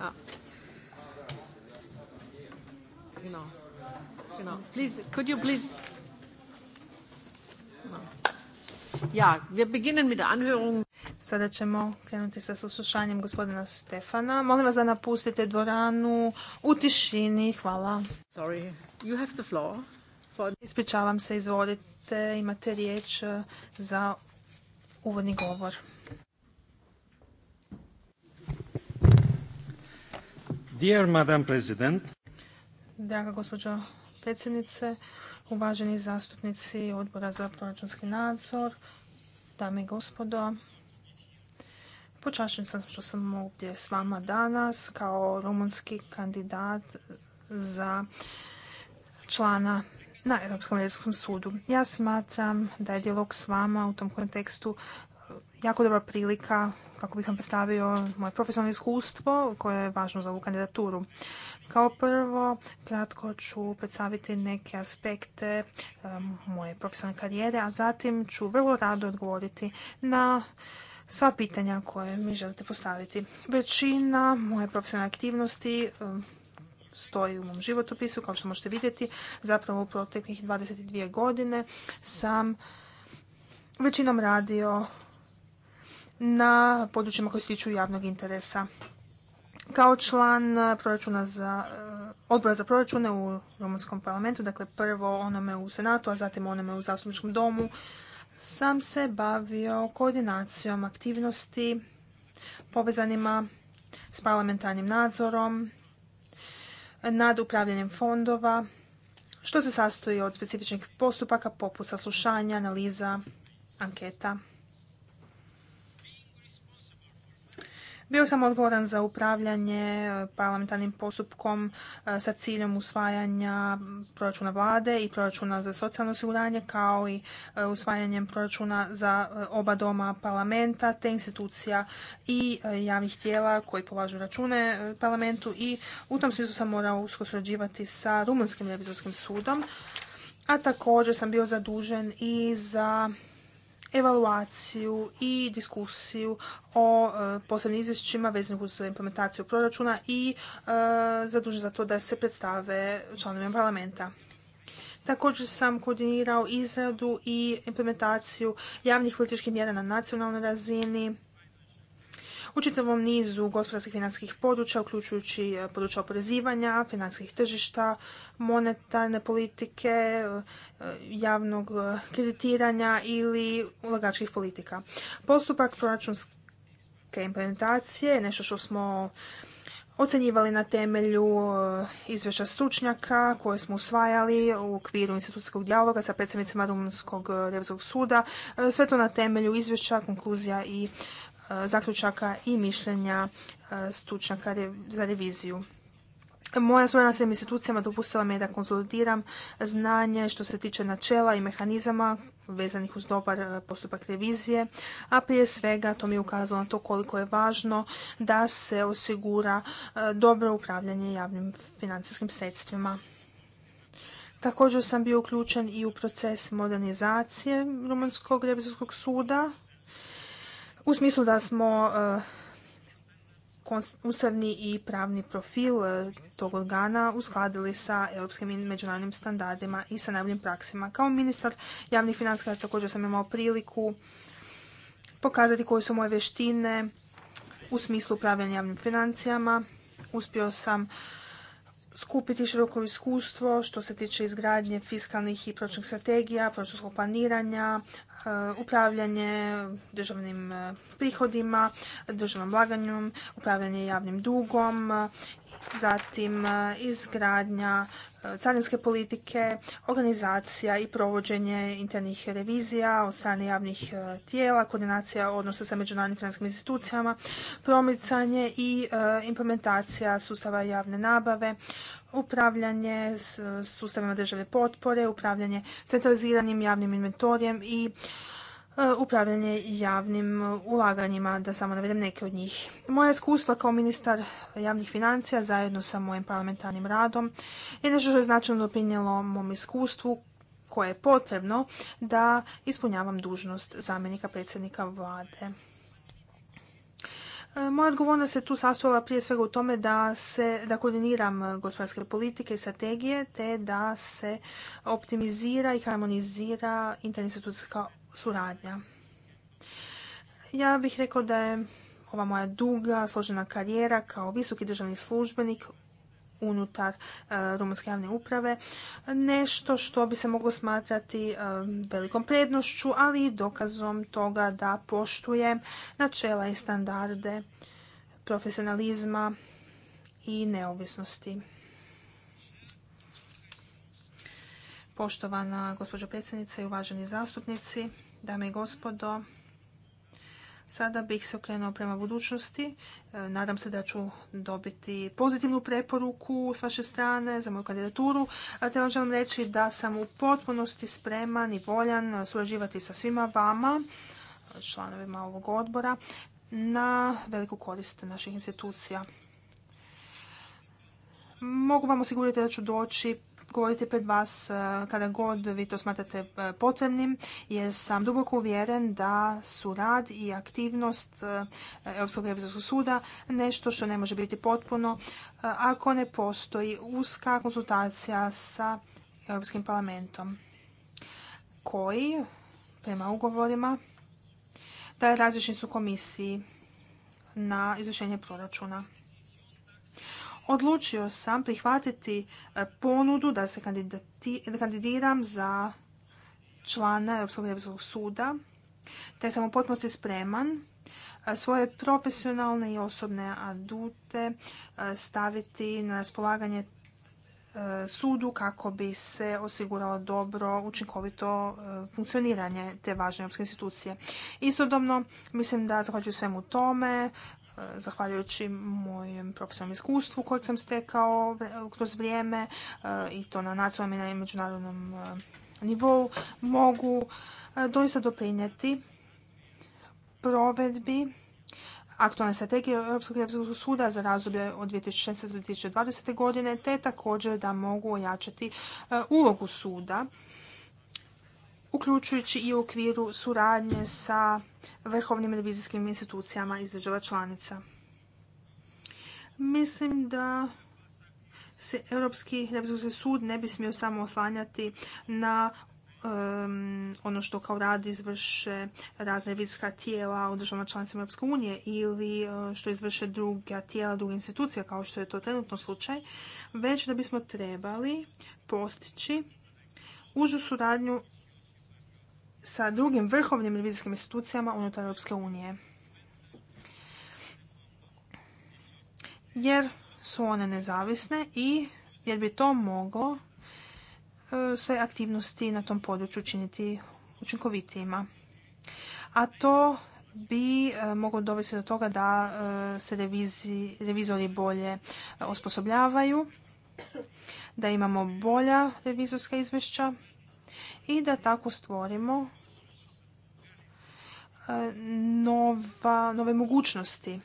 Genau. Ah. Genau. Please, could you please... Ja, wir beginnen mit der Anhörung. Sada ćemo krenuti sa slušanjem gospodina Stefana. Molim vas da napustite dvoranu u tišini. Hvala. Sorry. You have the floor. Ispričavam se, izvolite. Imate riječ eh, za uvodni govor. Dear Draga gospođo predsjednice, uvaženi zastupnici odbora za proračunski nadzor, dame i gospodo, počašćen sam što sam ovdje s vama danas kao rumunski kandidat za člana na Europskom ljedskom sudu. Ja smatram da je dijalog s vama u tom kontekstu jako dobra prilika kako bih vam predstavio moje profesionalno iskustvo koje je važno za ovu kandidaturu. Kao prvo, kratko ću predstaviti neke aspekte moje profesionalne karijere, a zatim ću vrlo rado odgovoriti na sva pitanja koje mi želite postaviti. Većina moje profesionalne aktivnosti stoji u mom životopisu, kao što možete vidjeti. Zapravo u proteklih 22 godine sam većinom radio na područjima koji se tiču javnog interesa. Kao član eh, proračuna za, eh, odbora za proračune u Rumunskom parlamentu, dakle prvo onome u Senatu, a zatim onome u Zastupničkom domu, sam se bavio koordinacijom aktivnosti povezanima s parlamentarnim nadzorom, nad upravljanjem fondova, što se sastoji od specifičnih postupaka poput saslušanja, analiza, anketa. Bio sam odgovoran za upravljanje eh, parlamentarnim postupkom eh, sa ciljem usvajanja proračuna vlade i proračuna za socijalno osiguranje kao i eh, usvajanjem proračuna za oba doma parlamenta te institucija i javnih tijela koji polažu račune parlamentu i u tom smislu sam morao usko sa Rumunskim revizorskim sudom a također sam bio zadužen i za evaluaciju i diskusiju o e, posebnim izvješćima vezanih uz implementaciju proračuna i e, zadužen za to da se predstave članovima parlamenta. Također sam koordinirao izradu i implementaciju javnih političkih mjera na nacionalnoj razini u čitavom nizu gospodarskih financijskih područja, uključujući e, područja oporezivanja, financijskih tržišta, monetarne politike, e, javnog e, kreditiranja ili ulagačkih politika. Postupak proračunske implementacije je nešto što smo ocjenjivali na temelju izvješća stručnjaka koje smo usvajali u okviru institucijskog dijaloga sa predstavnicima Rumunskog revizog suda, sve to na temelju izvješća, konkluzija i zaključaka i mišljenja e, stručnjaka za reviziju. Moja suradnja s institucijama dopustila me da konsolidiram znanje što se tiče načela i mehanizama vezanih uz dobar e, postupak revizije, a prije svega to mi je ukazalo na to koliko je važno da se osigura e, dobro upravljanje javnim financijskim sredstvima. Također sam bio uključen i u proces modernizacije Rumunskog revizorskog suda u smislu da smo e, ustavni i pravni profil e, tog organa uskladili sa europskim i međunarodnim standardima i sa najboljim praksima. Kao ministar javnih financija također sam imao priliku pokazati koje su moje vještine u smislu upravljanja javnim financijama. Uspio sam skupiti široko iskustvo što se tiče izgradnje fiskalnih i pročnih strategija, pročnog planiranja, eh, upravljanje državnim eh, prihodima, državnom blaganjom, upravljanje javnim dugom zatim e, izgradnja e, carinske politike, organizacija i provođenje internih revizija od strane javnih e, tijela, koordinacija odnosa sa međunarodnim financijskim institucijama, promicanje i implementacija sustava javne nabave, upravljanje sustavima države potpore, upravljanje centraliziranim javnim inventorijem i E, upravljanje javnim e, ulaganjima, da samo navedem neke od njih. Moja iskustva kao ministar javnih financija zajedno sa mojim parlamentarnim radom je nešto što je značajno doprinijelo mom iskustvu koje je potrebno da ispunjavam dužnost zamjenika predsjednika vlade. E, moja odgovornost se tu sastojala prije svega u tome da se da koordiniram gospodarske politike i strategije te da se optimizira i harmonizira interinstitucijska suradnja. Ja bih rekao da je ova moja duga, složena karijera kao visoki državni službenik unutar e, javne uprave nešto što bi se moglo smatrati e, velikom prednošću, ali i dokazom toga da poštuje načela i standarde profesionalizma i neovisnosti. Poštovana gospođo predsjednice i uvaženi zastupnici, dame i gospodo, sada bih se okrenuo prema budućnosti. E, nadam se da ću dobiti pozitivnu preporuku s vaše strane za moju kandidaturu. Te vam želim reći da sam u potpunosti spreman i voljan surađivati sa svima vama, članovima ovog odbora, na veliku korist naših institucija. Mogu vam osigurati da ću doći govoriti pred vas e, kada god vi to smatrate e, potrebnim, jer sam duboko uvjeren da su rad i aktivnost e, Europskog revizorskog suda nešto što ne može biti potpuno ako ne postoji uska konsultacija sa Europskim parlamentom koji prema ugovorima daje različnicu komisiji na izvršenje proračuna odlučio sam prihvatiti e, ponudu da se kandidiram za člana Europskog revizorskog suda, te sam u potpunosti spreman e, svoje profesionalne i osobne adute e, staviti na raspolaganje sudu kako bi se osiguralo dobro, učinkovito funkcioniranje te važne europske institucije. Istodobno mislim da zahvaljujući svemu tome zahvaljujući mojem profesionalnom iskustvu kojeg sam stekao kroz vrijeme e, i to na nacionalnom i na međunarodnom e, nivou mogu e, doista doprinijeti provedbi aktualne strategije Europskog revizorskog suda za razdoblje od 2016. do 2020. godine, te također da mogu ojačati ulogu suda uključujući i u okviru suradnje sa vrhovnim revizijskim institucijama iz država članica. Mislim da se Europski revizijski sud ne bi smio samo oslanjati na ono što kao rad izvrše razne revizijska tijela u državama članicama Europske unije ili e, što izvrše druga tijela, druga institucija kao što je to trenutno slučaj, već da bismo trebali postići užu suradnju sa drugim vrhovnim revizijskim institucijama unutar Europske unije. Jer su one nezavisne i jer bi to moglo e, sve aktivnosti na tom području učiniti učinkovitijima. A to bi e, moglo dovesti do toga da e, se revizori bolje osposobljavaju, da imamo bolja revizorska izvješća i da tako stvorimo e, nova, nove mogućnosti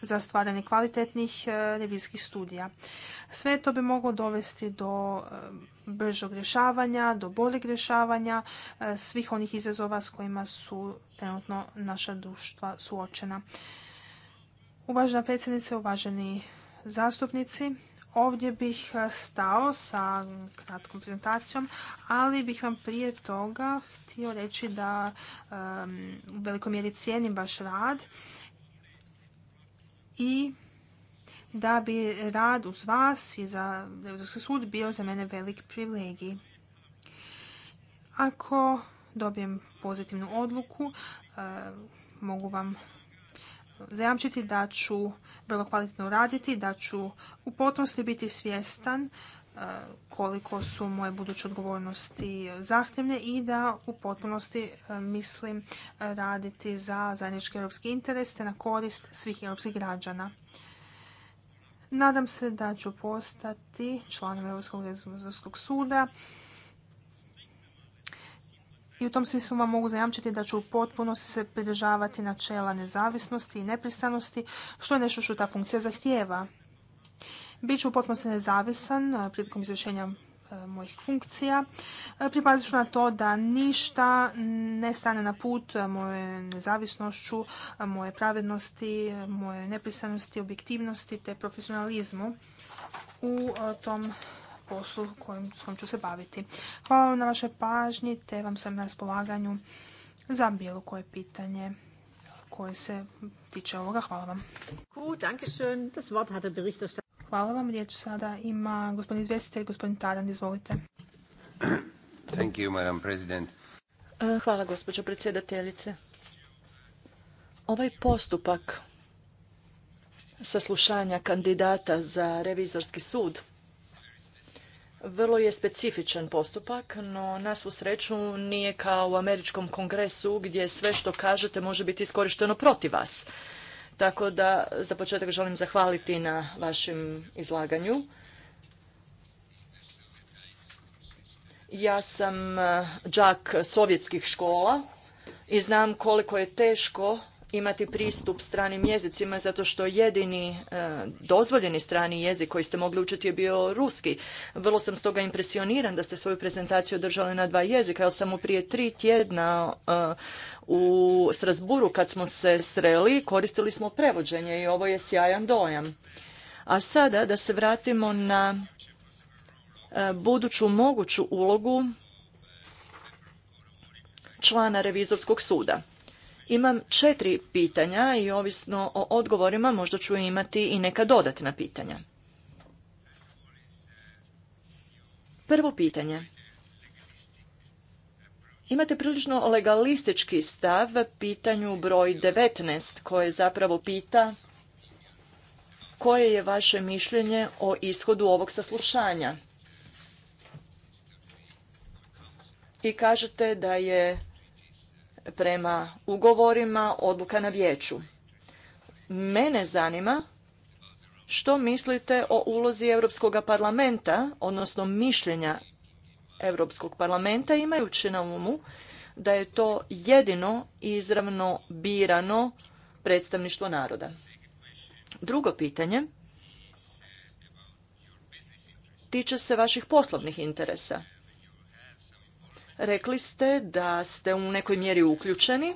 za stvaranje kvalitetnih e, revizijskih studija. Sve to bi moglo dovesti do e, bržog rješavanja, do boljeg rješavanja svih onih izazova s kojima su trenutno naša društva suočena. Uvažena predsjednice, uvaženi zastupnici, Ovdje bih e, stao sa kratkom prezentacijom, ali bih vam prije toga htio reći da u velikoj mjeri cijenim vaš rad i da bi rad uz vas i za Europski sud bio za mene velik privilegij. Ako dobijem pozitivnu odluku, e, mogu vam zajamčiti da ću vrlo kvalitetno raditi, da ću u potpunosti biti svjestan e, koliko su moje buduće odgovornosti zahtjevne i da u potpunosti e, mislim raditi za zajednički europski interes te na korist svih europskih građana. Nadam se da ću postati članom Europskog revizorskog suda i u tom smislu vam mogu zajamčiti da ću u potpunosti se pridržavati načela nezavisnosti i nepristranosti, što je nešto što ta funkcija zahtijeva. Biću u potpunosti nezavisan e, prilikom izvršenja e, mojih funkcija. E, pripazit ću na to da ništa ne stane na put moje nezavisnošću, moje pravednosti, moje nepristanosti, objektivnosti te profesionalizmu u tom poslu kojim, sam ću se baviti. Hvala vam na vašoj pažnji, te vam sam na raspolaganju za bilo koje pitanje koje se tiče ovoga. Hvala vam. Hvala vam. Riječ sada ima gospodin izvjestitelj, gospodin Tadan, izvolite. Thank you, Madam President. Eh, hvala, gospođo predsjedateljice. Ovaj postupak saslušanja kandidata za revizorski sud vrlo je specifičan postupak, no na svu sreću nije kao u američkom kongresu gdje sve što kažete može biti iskorišteno protiv vas. Tako da za početak želim zahvaliti na vašem izlaganju. Ja sam eh, đak sovjetskih škola i znam koliko je teško imati pristup stranim jezicima zato što jedini e, dozvoljeni strani jezik koji ste mogli učiti je bio ruski. Vrlo sam stoga impresioniran da ste svoju prezentaciju održali na dva jezika. Ja sam prije tri tjedna e, u Strasburu kad smo se sreli koristili smo prevođenje i ovo je sjajan dojam. A sada da se vratimo na e, buduću moguću ulogu člana revizorskog suda. Imam četiri pitanja i ovisno o odgovorima možda ću imati i neka dodatna pitanja. Prvo pitanje. Imate prilično legalistički stav pitanju broj 19 koje zapravo pita koje je vaše mišljenje o ishodu ovog saslušanja. I kažete da je prema ugovorima odluka na vijeću. Mene zanima što mislite o ulozi Europskog parlamenta, odnosno mišljenja Europskog parlamenta, imajući na umu da je to jedino izravno birano predstavništvo naroda. Drugo pitanje tiče se vaših poslovnih interesa. Rekli ste da ste u nekoj mjeri uključeni,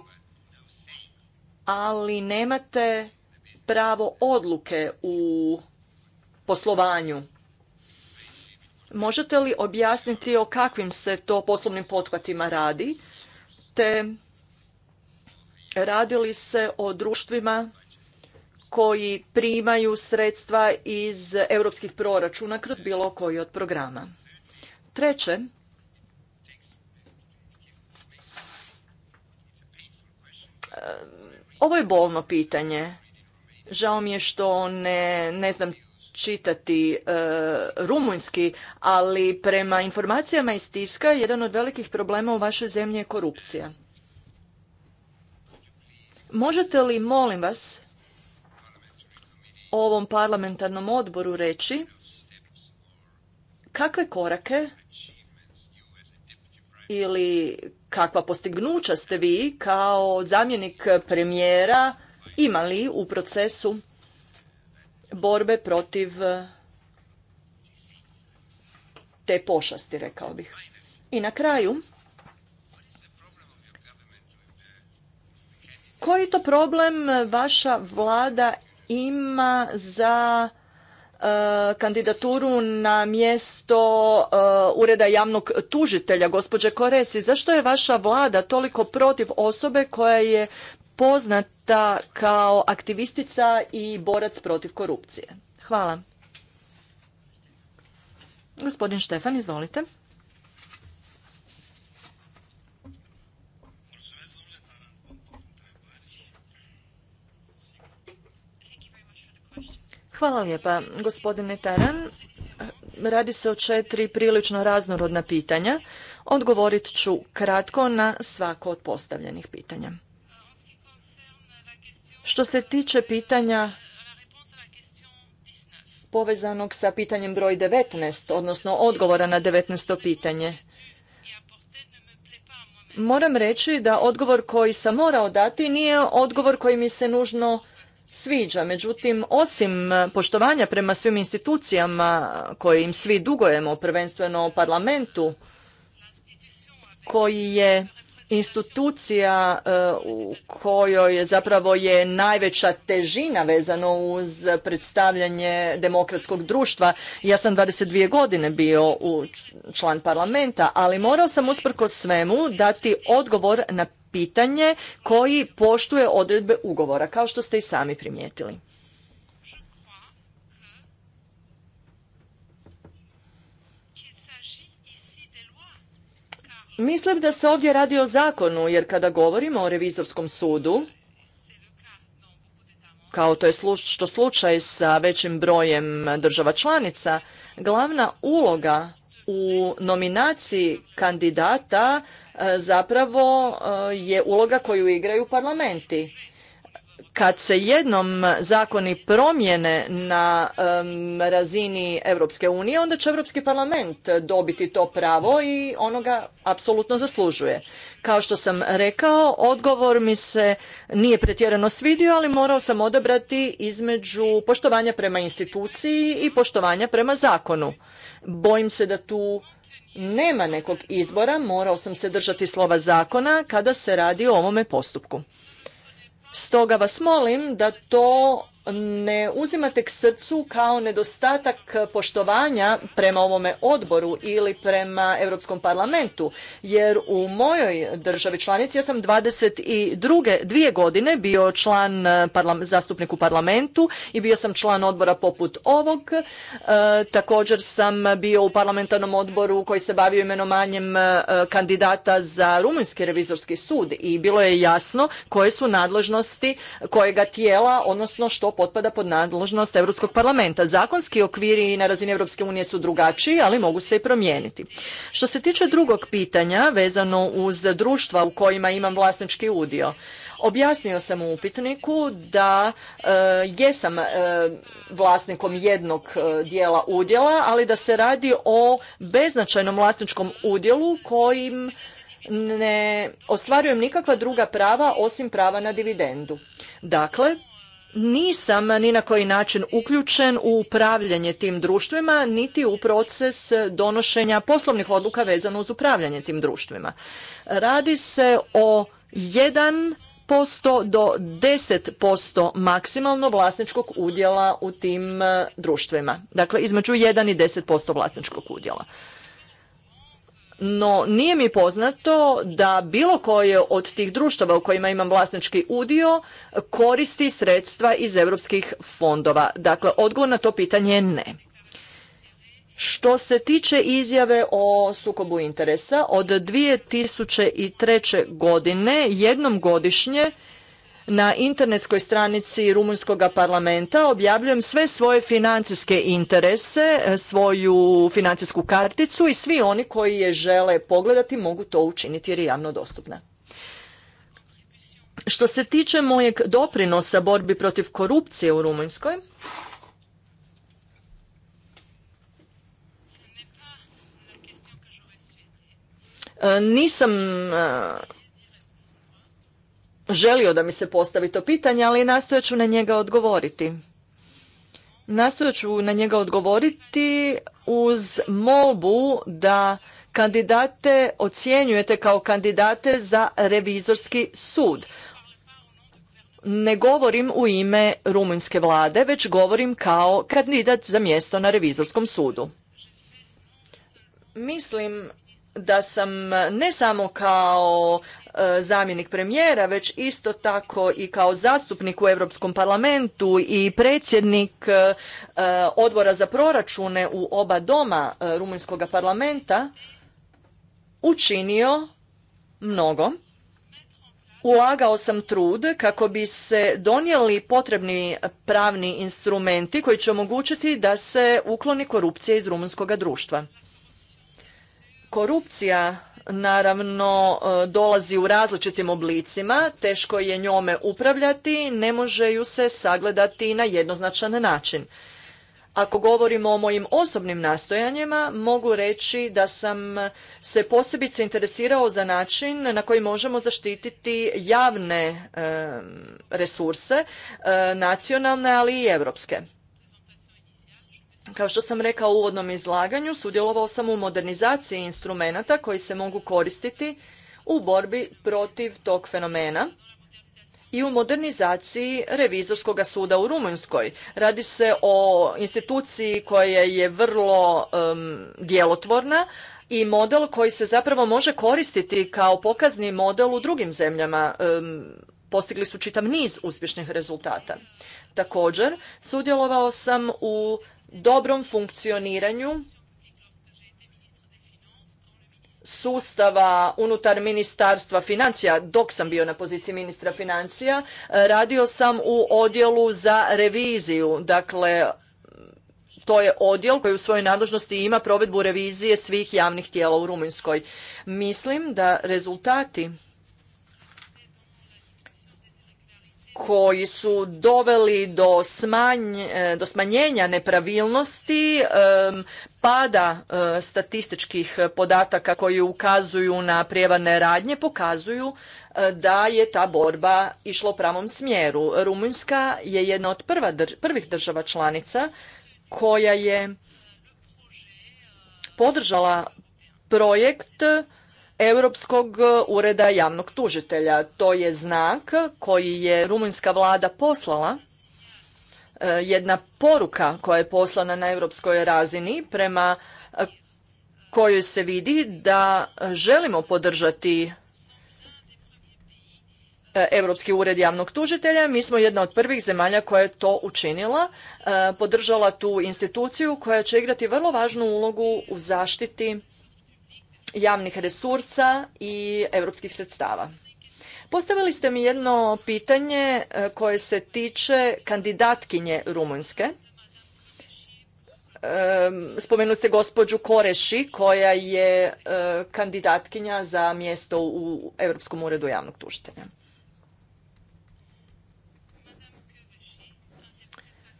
ali nemate pravo odluke u poslovanju. Možete li objasniti o kakvim se to poslovnim pothvatima radi, te radi li se o društvima koji primaju sredstva iz europskih proračuna kroz bilo koji od programa? Treće, Ovo je bolno pitanje. Žao mi je što ne, ne znam čitati e, rumunjski, ali prema informacijama iz tiska jedan od velikih problema u vašoj zemlji je korupcija. Možete li, molim vas, ovom parlamentarnom odboru reći kakve korake ili kakva postignuća ste vi kao zamjenik premijera imali u procesu borbe protiv eh, te pošasti, rekao bih. I na kraju, koji to problem vaša vlada ima za E, kandidaturu na mjesto e, ureda javnog tužitelja, gospođe Koresi. Zašto je vaša vlada toliko protiv osobe koja je poznata kao aktivistica i borac protiv korupcije? Hvala. Gospodin Štefan, izvolite. Hvala lijepa, gospodine Taran. Radi se o četiri prilično raznorodna pitanja. Odgovorit ću kratko na svako od postavljenih pitanja. Što se tiče pitanja povezanog sa pitanjem broj 19, odnosno odgovora na 19. pitanje, moram reći da odgovor koji sam morao dati nije odgovor koji mi se nužno sviđa. Međutim, osim e, poštovanja prema svim institucijama kojim svi dugujemo, prvenstveno parlamentu, koji je institucija e, u kojoj zapravo je najveća težina vezano uz predstavljanje demokratskog društva. Ja sam 22 godine bio u član parlamenta, ali morao sam usprko svemu dati odgovor na pitanje koji poštuje odredbe ugovora, kao što ste i sami primijetili. Mislim da se ovdje radi o zakonu, jer kada govorimo o revizorskom sudu, kao to je što slučaj sa većim brojem država članica, glavna uloga u nominaciji kandidata e, zapravo e, je uloga koju igraju parlamenti kad se jednom zakoni promijene na razini Europske unije, onda će Europski parlament dobiti to pravo i ono ga apsolutno zaslužuje. Kao što sam rekao, odgovor mi se nije pretjerano svidio, ali morao sam odabrati između poštovanja prema instituciji i poštovanja prema zakonu. Bojim se da tu nema nekog izbora, morao sam se držati slova zakona kada se radi o ovome postupku. Stoga vas molim da to ne uzimate k srcu kao nedostatak poštovanja prema ovome odboru ili prema Europskom parlamentu, jer u mojoj državi članici, ja sam 22 dvije godine bio član eh, zastupnik u parlamentu i bio sam član odbora poput ovog. Eh, također sam bio u parlamentarnom odboru koji se bavio imenomanjem eh, kandidata za Rumunjski revizorski sud i bilo je jasno koje su nadležnosti kojega tijela, odnosno što potpada pod nadležnost Europskog parlamenta. Zakonski okviri na razini Europske unije su drugačiji, ali mogu se i promijeniti. Što se tiče drugog pitanja vezano uz društva u kojima imam vlasnički udio, objasnio sam u upitniku da e, jesam e, vlasnikom jednog e, dijela udjela, ali da se radi o beznačajnom vlasničkom udjelu kojim ne ostvarujem nikakva druga prava osim prava na dividendu. Dakle, nisam ni na koji način uključen u upravljanje tim društvima niti u proces donošenja poslovnih odluka vezano uz upravljanje tim društvima. Radi se o 1% do 10% maksimalno vlasničkog udjela u tim e, društvima. Dakle, između 1 i 10% vlasničkog udjela no nije mi poznato da bilo koje od tih društava u kojima imam vlasnički udio koristi sredstva iz europskih fondova. Dakle, odgovor na to pitanje je ne. Što se tiče izjave o sukobu interesa, od 2003. godine jednom godišnje na internetskoj stranici Rumunjskog parlamenta objavljujem sve svoje financijske interese, e, svoju financijsku karticu i svi oni koji je žele pogledati mogu to učiniti jer je javno dostupna. Što se tiče mojeg doprinosa borbi protiv korupcije u Rumunjskoj, e, nisam e, želio da mi se postavi to pitanje, ali nastojat ću na njega odgovoriti. Nastojat ću na njega odgovoriti uz molbu da kandidate ocjenjujete kao kandidate za revizorski sud. Ne govorim u ime rumunjske vlade, već govorim kao kandidat za mjesto na revizorskom sudu. Mislim da sam e, ne samo kao e, zamjenik premijera, već isto tako i kao zastupnik u Europskom parlamentu i predsjednik e, odbora za proračune u oba doma Rumunjskog parlamenta učinio mnogo. Ulagao sam trud kako bi se donijeli potrebni pravni instrumenti koji će omogućiti da se ukloni korupcija iz rumunskog društva. Korupcija naravno e, dolazi u različitim oblicima, teško je njome upravljati, ne može ju se sagledati na jednoznačan način. Ako govorimo o mojim osobnim nastojanjima, mogu reći da sam se posebice interesirao za način na koji možemo zaštititi javne resurse, e, nacionalne ali i europske. Kao što sam rekla u uvodnom izlaganju, sudjelovao sam u modernizaciji instrumenata koji se mogu koristiti u borbi protiv tog fenomena i u modernizaciji revizorskog suda u Rumunjskoj. Radi se o instituciji koja je vrlo djelotvorna i model koji se zapravo može koristiti kao pokazni model u drugim zemljama. postigli su čitav niz uspješnih rezultata. Također, sudjelovao sam u dobrom funkcioniranju sustava unutar ministarstva financija dok sam bio na poziciji ministra financija e, radio sam u odjelu za reviziju dakle to je odjel koji u svojoj nadležnosti ima provedbu revizije svih javnih tijela u Rumunjskoj mislim da rezultati koji su doveli do, smanj, e, do smanjenja nepravilnosti, pada e, statističkih podataka koji ukazuju na prijevane radnje, pokazuju e, da je ta borba išla u pravom smjeru. Rumunjska je jedna od prva, prvih država članica koja je podržala projekt Europskog e, ureda javnog tužitelja. To je znak koji je rumunjska vlada poslala e, jedna poruka koja je poslana na europskoj razini prema e, kojoj se vidi da želimo podržati Europski ured javnog tužitelja. Mi smo jedna od prvih zemalja koja je to učinila, podržala tu instituciju koja će igrati vrlo važnu ulogu u zaštiti javnih resursa i europskih sredstava. Postavili ste mi jedno pitanje e, koje se tiče kandidatkinje Rumunjske. E, spomenuli ste gospođu Koreši koja je e, kandidatkinja za mjesto u Europskom uredu javnog tuštenja.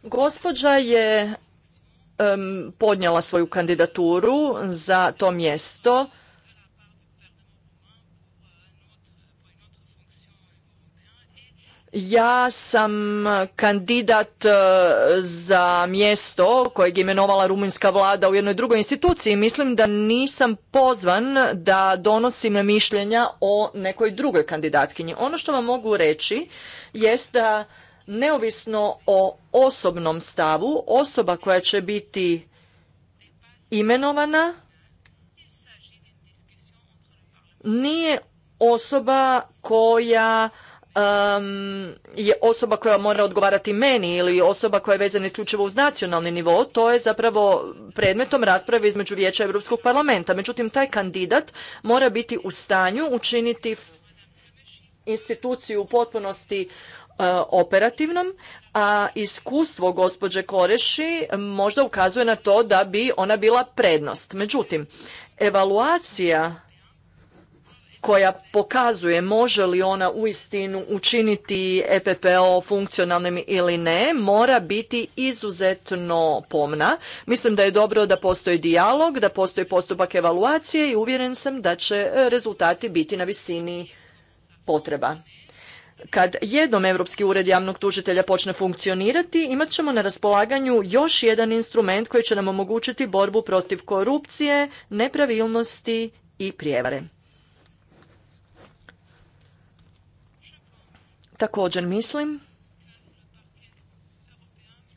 Gospođa je podnijela svoju kandidaturu za to mjesto Ja sam kandidat e, za mjesto kojeg je imenovala rumunjska vlada u jednoj drugoj instituciji. Mislim da nisam pozvan da donosim mišljenja o nekoj drugoj kandidatkinji. Ono što vam mogu reći jest da neovisno o osobnom stavu, osoba koja će biti imenovana nije osoba koja um, je osoba koja mora odgovarati meni ili osoba koja je vezana isključivo uz nacionalni nivo, to je zapravo predmetom rasprave između Vijeća Europskog parlamenta. Međutim, taj kandidat mora biti u stanju učiniti instituciju u potpunosti e, operativnom, a iskustvo gospođe Koreši možda ukazuje na to da bi ona bila prednost. Međutim, evaluacija koja pokazuje može li ona uistinu učiniti EPPO funkcionalnim ili ne, mora biti izuzetno pomna. Mislim da je dobro da postoji dijalog, da postoji postupak evaluacije i uvjeren sam da će e, rezultati biti na visini potreba. Kad jednom Europski ured javnog tužitelja počne funkcionirati, imat ćemo na raspolaganju još jedan instrument koji će nam omogućiti borbu protiv korupcije, nepravilnosti i prijevare. Također mislim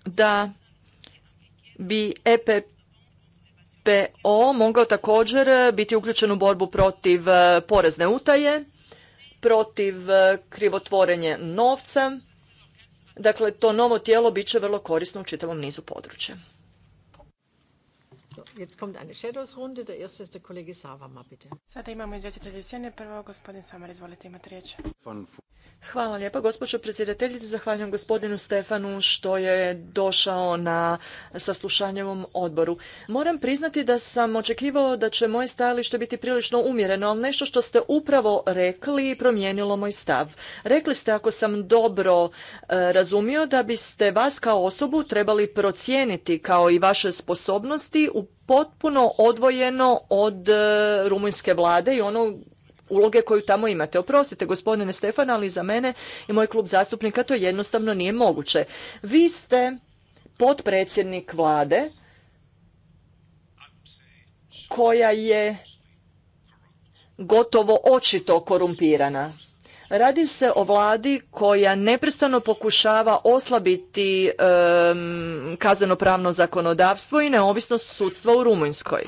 da bi EPPO mogao također biti uključen u borbu protiv e, porezne utaje, protiv e, krivotvorenje novca. Dakle, to novo tijelo bit će vrlo korisno u čitavom nizu područja. So, jetzt kommt eine Shadows Runde. Der erste ist der Kollege Savama, bitte. Sada imamo izvjestitelje Prvo gospodin Samar, izvolite, imate riječ. Hvala lijepa, gospođo predsjedateljice. Zahvaljujem gospodinu Stefanu što je došao na saslušanje ovom odboru. Moram priznati da sam očekivao da će moje stajalište biti prilično umjereno, ali nešto što ste upravo rekli promijenilo moj stav. Rekli ste, ako sam dobro e, razumio, da biste vas kao osobu trebali procijeniti kao i vaše sposobnosti u potpuno odvojeno od e, rumunjske vlade i ono uloge koju tamo imate. Oprostite gospodine Stefan, ali za mene i moj klub zastupnika to jednostavno nije moguće. Vi ste potpredsjednik vlade koja je gotovo očito korumpirana. Radi se o vladi koja neprestano pokušava oslabiti kazneno pravno zakonodavstvo i neovisnost sudstva u Rumunjskoj.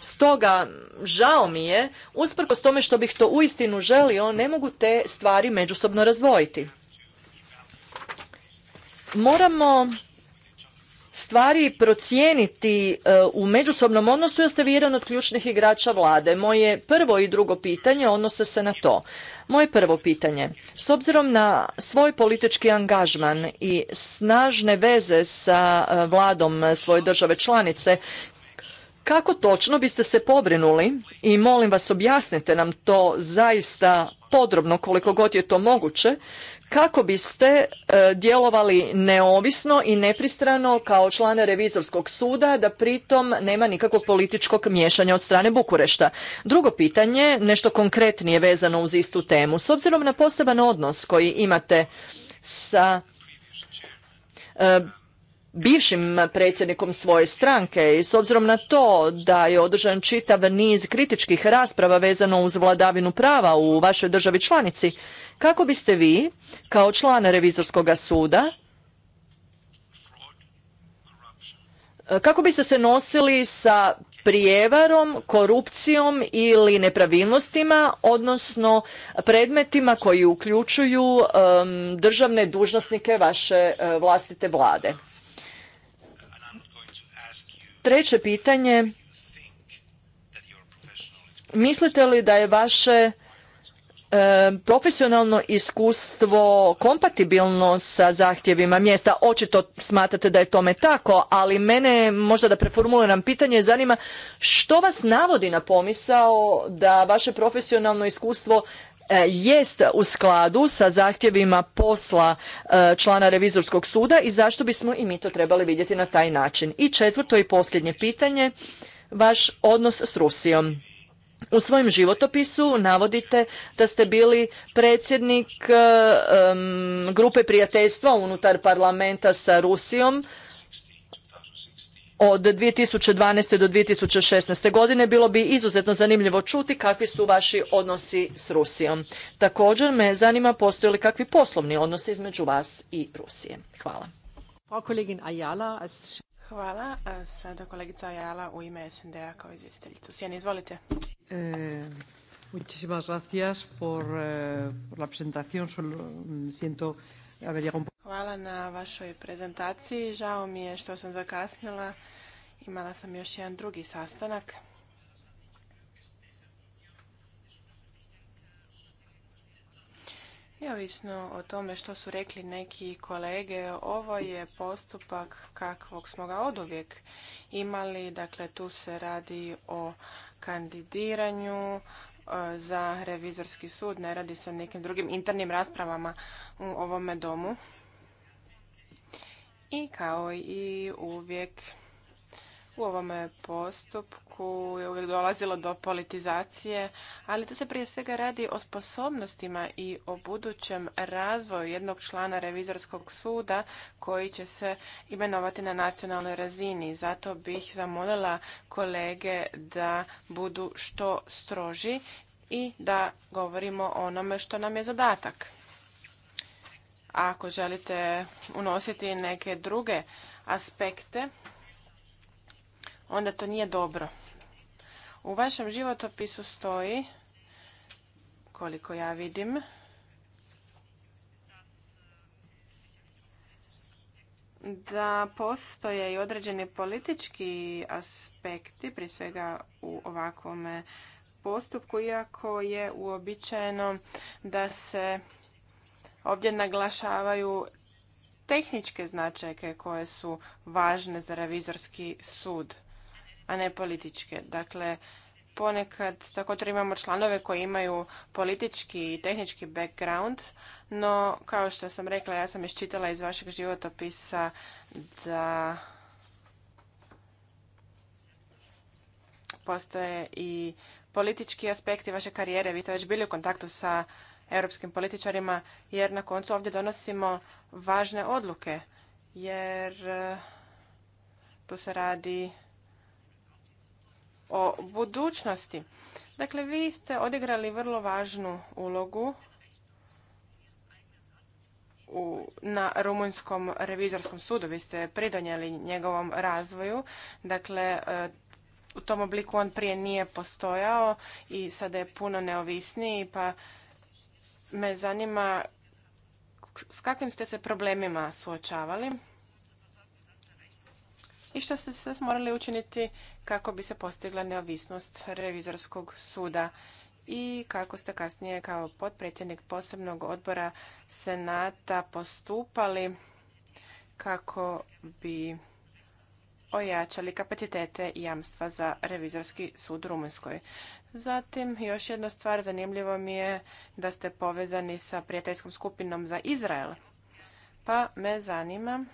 Stoga, žao mi je, usprkos tome što bih to uistinu želio, ne mogu te stvari međusobno razvojiti. Moramo stvari procijeniti e, u međusobnom odnosu jer ste vi jedan od ključnih igrača vlade. Moje prvo i drugo pitanje odnose se na to. Moje prvo pitanje, s obzirom na svoj politički angažman i snažne veze sa eh, vladom eh, svoje države članice, kako točno biste se pobrinuli i molim vas objasnite nam to zaista podrobno koliko god je to moguće, kako biste e, djelovali neovisno i nepristrano kao člana revizorskog suda da pritom nema nikakvog političkog miješanja od strane Bukurešta. Drugo pitanje, nešto konkretnije vezano uz istu temu. S obzirom na poseban odnos koji imate sa e, bivšim predsjednikom svoje stranke i s obzirom na to da je održan čitav niz kritičkih rasprava vezano uz vladavinu prava u vašoj državi članici, kako biste vi kao član revizorskog suda kako biste se nosili sa prijevarom, korupcijom ili nepravilnostima, odnosno predmetima koji uključuju državne dužnosnike vaše e, vlastite vlade treće pitanje, mislite li da je vaše e, profesionalno iskustvo kompatibilno sa zahtjevima mjesta. Očito smatrate da je tome tako, ali mene možda da preformuliram pitanje zanima što vas navodi na pomisao da vaše profesionalno iskustvo E, jest u skladu sa zahtjevima posla e, člana revizorskog suda i zašto bismo i mi to trebali vidjeti na taj način. I četvrto i posljednje pitanje, vaš odnos s Rusijom. U svojem životopisu navodite da ste bili predsjednik e, grupe prijateljstva unutar parlamenta sa Rusijom od 2012. do 2016. godine bilo bi izuzetno zanimljivo čuti kakvi su vaši odnosi s Rusijom. Također me zanima postoje li kakvi poslovni odnosi između vas i Rusije. Hvala. Hvala. sada kolegica Ajala u ime SND-a kao izvjestiteljica. Sjeni, izvolite. E, muchísimas gracias por, eh, por la presentación. Solo siento Hvala na vašoj prezentaciji. Žao mi je što sam zakasnila. Imala sam još jedan drugi sastanak. Neovisno o tome što su rekli neki kolege, ovo je postupak kakvog smo ga oduvijek imali. Dakle, tu se radi o kandidiranju, za revizorski sud, ne radi se o nekim drugim internim raspravama u ovome domu. I kao i uvijek u ovome postupku je uvijek dolazilo do politizacije, ali tu se prije svega radi o sposobnostima i o budućem razvoju jednog člana revizorskog suda koji će se imenovati na nacionalnoj razini. Zato bih zamolila kolege da budu što stroži i da govorimo o onome što nam je zadatak. Ako želite unositi neke druge aspekte, onda to nije dobro. U vašem životopisu stoji, koliko ja vidim, da postoje i određeni politički aspekti, prije svega u ovakvom postupku, iako je uobičajeno da se ovdje naglašavaju tehničke značajke koje su važne za revizorski sud a ne političke. Dakle, ponekad također imamo članove koji imaju politički i tehnički background, no kao što sam rekla, ja sam iščitala iz vašeg životopisa da postoje i politički aspekti vaše karijere. Vi ste već bili u kontaktu sa europskim političarima jer na koncu ovdje donosimo važne odluke jer tu se radi o budućnosti. Dakle, vi ste odigrali vrlo važnu ulogu u, na rumunjskom revizorskom sudu. Vi ste pridonijeli njegovom razvoju. Dakle, e, u tom obliku on prije nije postojao i sada je puno neovisniji, pa me zanima s kakvim ste se problemima suočavali i što ste se morali učiniti kako bi se postigla neovisnost revizorskog suda i kako ste kasnije kao potpredsjednik posebnog odbora Senata postupali kako bi ojačali kapacitete i jamstva za revizorski sud u Rumunjskoj. Zatim, još jedna stvar, zanimljivo mi je da ste povezani sa prijateljskom skupinom za Izrael. Pa me zanima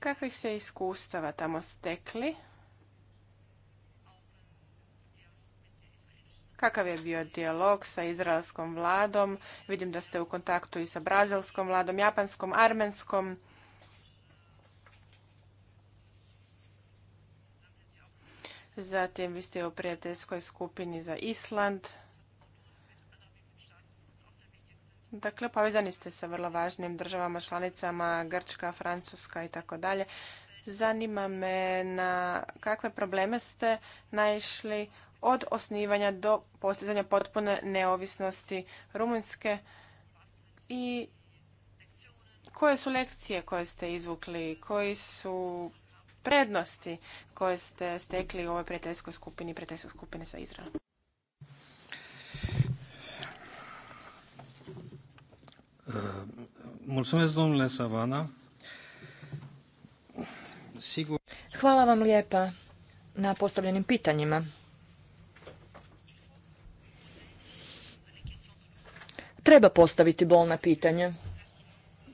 kakvih se iskustava tamo stekli? Kakav je bio dijalog sa izraelskom vladom? Vidim da ste u kontaktu i sa brazilskom vladom, japanskom, armenskom. Zatim vi ste u prijateljskoj skupini za Island. Dakle, povezani ste sa vrlo važnim državama, članicama, Grčka, Francuska i tako dalje. Zanima me na kakve probleme ste naišli od osnivanja do postizanja potpune neovisnosti Rumunjske i koje su lekcije koje ste izvukli, koji su prednosti koje ste stekli u ovoj prijateljskoj skupini, prijateljskoj skupini sa Izraelom? Eh, Hvala vam lijepa na postavljenim pitanjima. Treba postaviti bolna pitanja.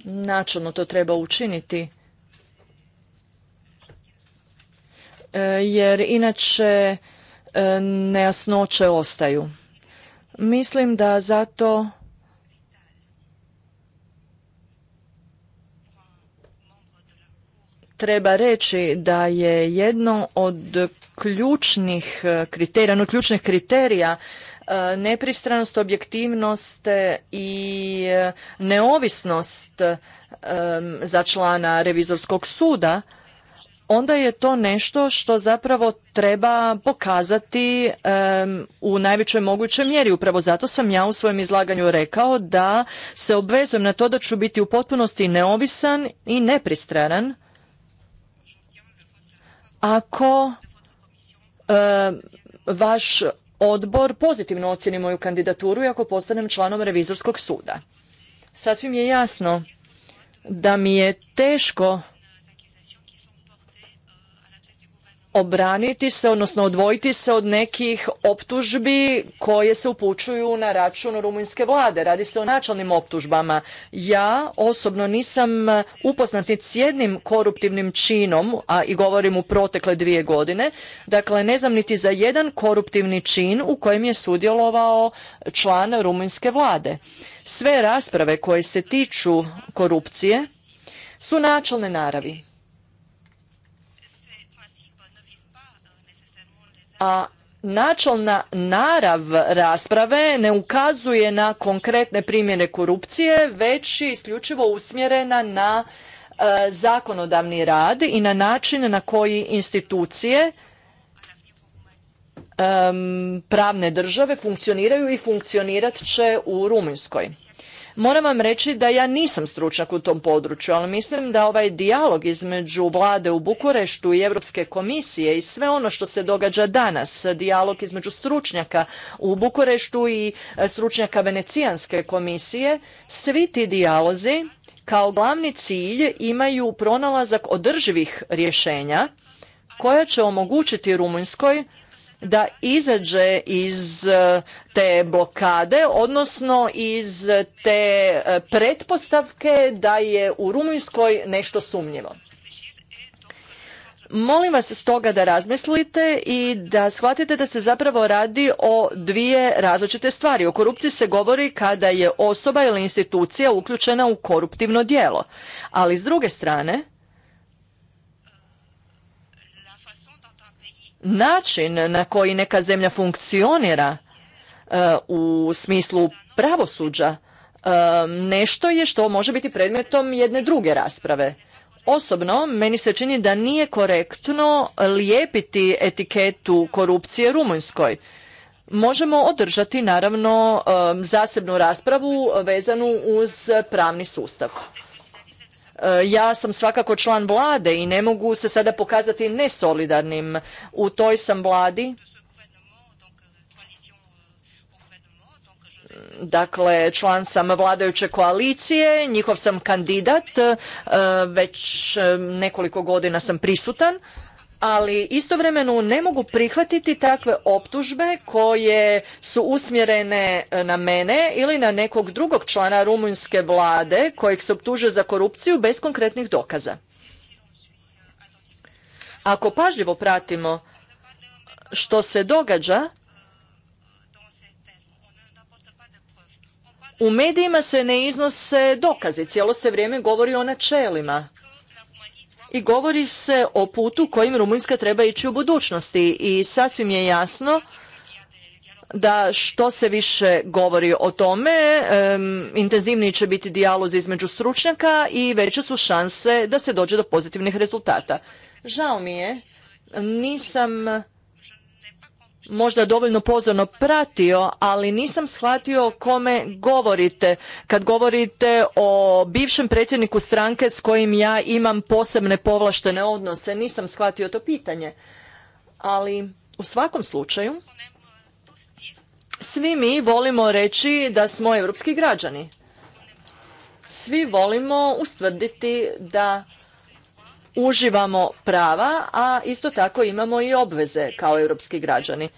Načelno to treba učiniti. Eh, jer inače eh, nejasnoće ostaju. Mislim da zato treba reći da je jedno od ključnih e, kriterija, ključnih kriterija e, nepristranost, objektivnost i e, neovisnost za člana revizorskog suda, onda je to nešto što zapravo treba pokazati u najvećoj mogućoj mjeri. Upravo zato sam ja u svojem izlaganju rekao da se obvezujem na to da ću biti u potpunosti neovisan i nepristranan ako e, vaš odbor pozitivno ocjeni moju kandidaturu i ako postanem članom revizorskog suda. Sasvim je jasno da mi je teško obraniti se, odnosno odvojiti se od nekih optužbi koje se upućuju na račun rumunjske vlade. Radi se o načalnim optužbama. Ja osobno nisam upoznat s jednim koruptivnim činom, a i govorim u protekle dvije godine, dakle ne znam niti za jedan koruptivni čin u kojem je sudjelovao član rumunjske vlade. Sve rasprave koje se tiču korupcije su načalne naravi a načelna narav rasprave ne ukazuje na konkretne primjene korupcije, već je isključivo usmjerena na e, zakonodavni rad i na način na koji institucije pravne države funkcioniraju i funkcionirat će u Rumunjskoj. Moram vam reći da ja nisam stručnjak u tom području, ali mislim da ovaj dijalog između vlade u Bukureštu i Europske komisije i sve ono što se događa danas, dijalog između stručnjaka u Bukureštu i e, stručnjaka Venecijanske komisije, svi ti dijalozi kao glavni cilj imaju pronalazak održivih rješenja koja će omogućiti Rumunjskoj da izađe iz e, te blokade, odnosno iz te e, pretpostavke da je u Rumunjskoj nešto sumnjivo. Molim vas stoga da razmislite i da shvatite da se zapravo radi o dvije različite stvari. O korupciji se govori kada je osoba ili institucija uključena u koruptivno djelo, ali s druge strane način na koji neka zemlja funkcionira e, u smislu pravosuđa e, nešto je što može biti predmetom jedne druge rasprave. Osobno, meni se čini da nije korektno lijepiti etiketu korupcije Rumunjskoj. Možemo održati, naravno, e, zasebnu raspravu vezanu uz pravni sustav. E, ja sam svakako član vlade i ne mogu se sada pokazati nesolidarnim. U toj sam vladi. Dakle, član sam vladajuće koalicije, njihov sam kandidat, e, već e, nekoliko godina sam prisutan ali istovremeno ne mogu prihvatiti takve optužbe koje su usmjerene e, na mene ili na nekog drugog člana rumunjske vlade kojeg se optuže za korupciju bez konkretnih dokaza. Ako pažljivo pratimo što se događa, u medijima se ne iznose dokazi, cijelo se vrijeme govori o načelima i govori se o putu kojim Rumunjska treba ići u budućnosti i sasvim je jasno da što se više govori o tome, intenzivniji će biti dijalozi između stručnjaka i veće su šanse da se dođe do pozitivnih rezultata. Žao mi je, nisam možda dovoljno pozorno pratio, ali nisam shvatio kome govorite. Kad govorite o bivšem predsjedniku stranke s kojim ja imam posebne povlaštene odnose, nisam shvatio to pitanje. Ali u svakom slučaju, svi mi volimo reći da smo europski građani. Svi volimo ustvrditi da uživamo prava, a isto tako imamo i obveze kao europski građani.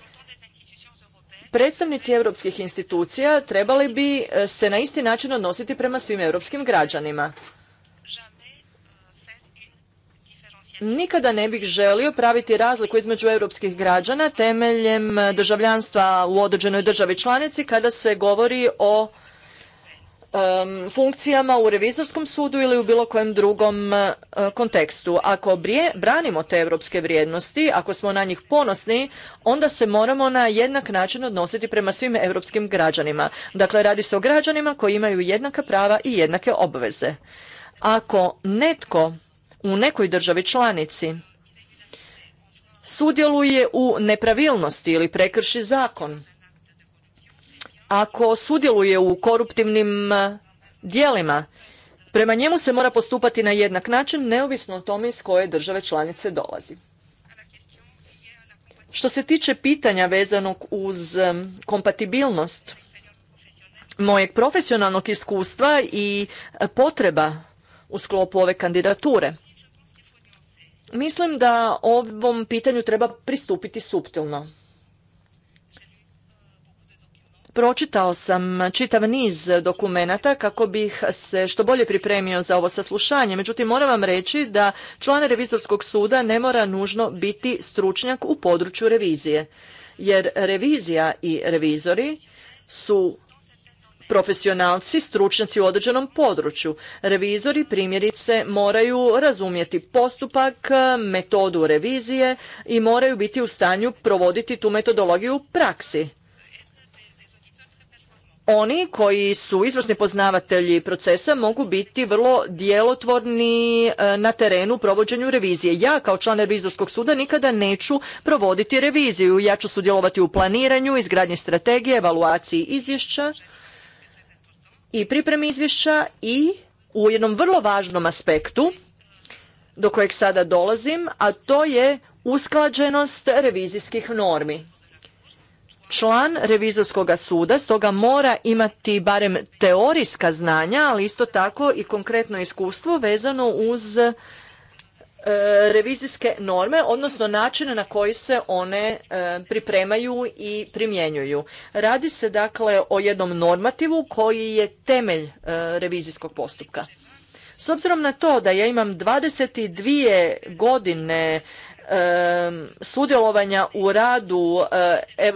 Predstavnici europskih institucija trebali bi e, se na isti način odnositi prema svim europskim građanima. Nikada ne bih želio praviti razliku između europskih građana temeljem državljanstva u određenoj državi članici kada se govori o funkcijama u revizorskom sudu ili u bilo kojem drugom e, kontekstu. Ako branimo te europske vrijednosti, ako smo na njih ponosni, onda se moramo na jednak način odnositi prema svim europskim građanima. Dakle, radi se o građanima koji imaju jednaka prava i jednake obveze. Ako netko u nekoj državi članici sudjeluje u nepravilnosti ili prekrši zakon, ako sudjeluje u koruptivnim e, dijelima. Prema njemu se mora postupati na jednak način, neovisno o tome iz koje države članice dolazi. Što se tiče pitanja vezanog uz e, kompatibilnost mojeg profesionalnog iskustva i e, potreba u sklopu ove kandidature, mislim da ovom pitanju treba pristupiti suptilno. Pročitao sam čitav niz dokumenata kako bih se što bolje pripremio za ovo saslušanje. Međutim, moram vam reći da član revizorskog suda ne mora nužno biti stručnjak u području revizije. Jer revizija i revizori su profesionalci, stručnjaci u određenom području. Revizori primjerice moraju razumjeti postupak, metodu revizije i moraju biti u stanju provoditi tu metodologiju u praksi oni koji su izvrsni poznavatelji procesa mogu biti vrlo djelotvorni e, na terenu provođenju revizije. Ja kao član revizorskog suda nikada neću provoditi reviziju. Ja ću sudjelovati u planiranju, izgradnji strategije, evaluaciji izvješća i pripremi izvješća i u jednom vrlo važnom aspektu do kojeg sada dolazim, a to je usklađenost revizijskih normi član revizorskog suda stoga mora imati barem teorijska znanja, ali isto tako i konkretno iskustvo vezano uz e, revizijske norme, odnosno načine na koji se one e, pripremaju i primjenjuju. Radi se dakle o jednom normativu koji je temelj e, revizijskog postupka. S obzirom na to da ja imam 22 godine sudjelovanja u radu eh,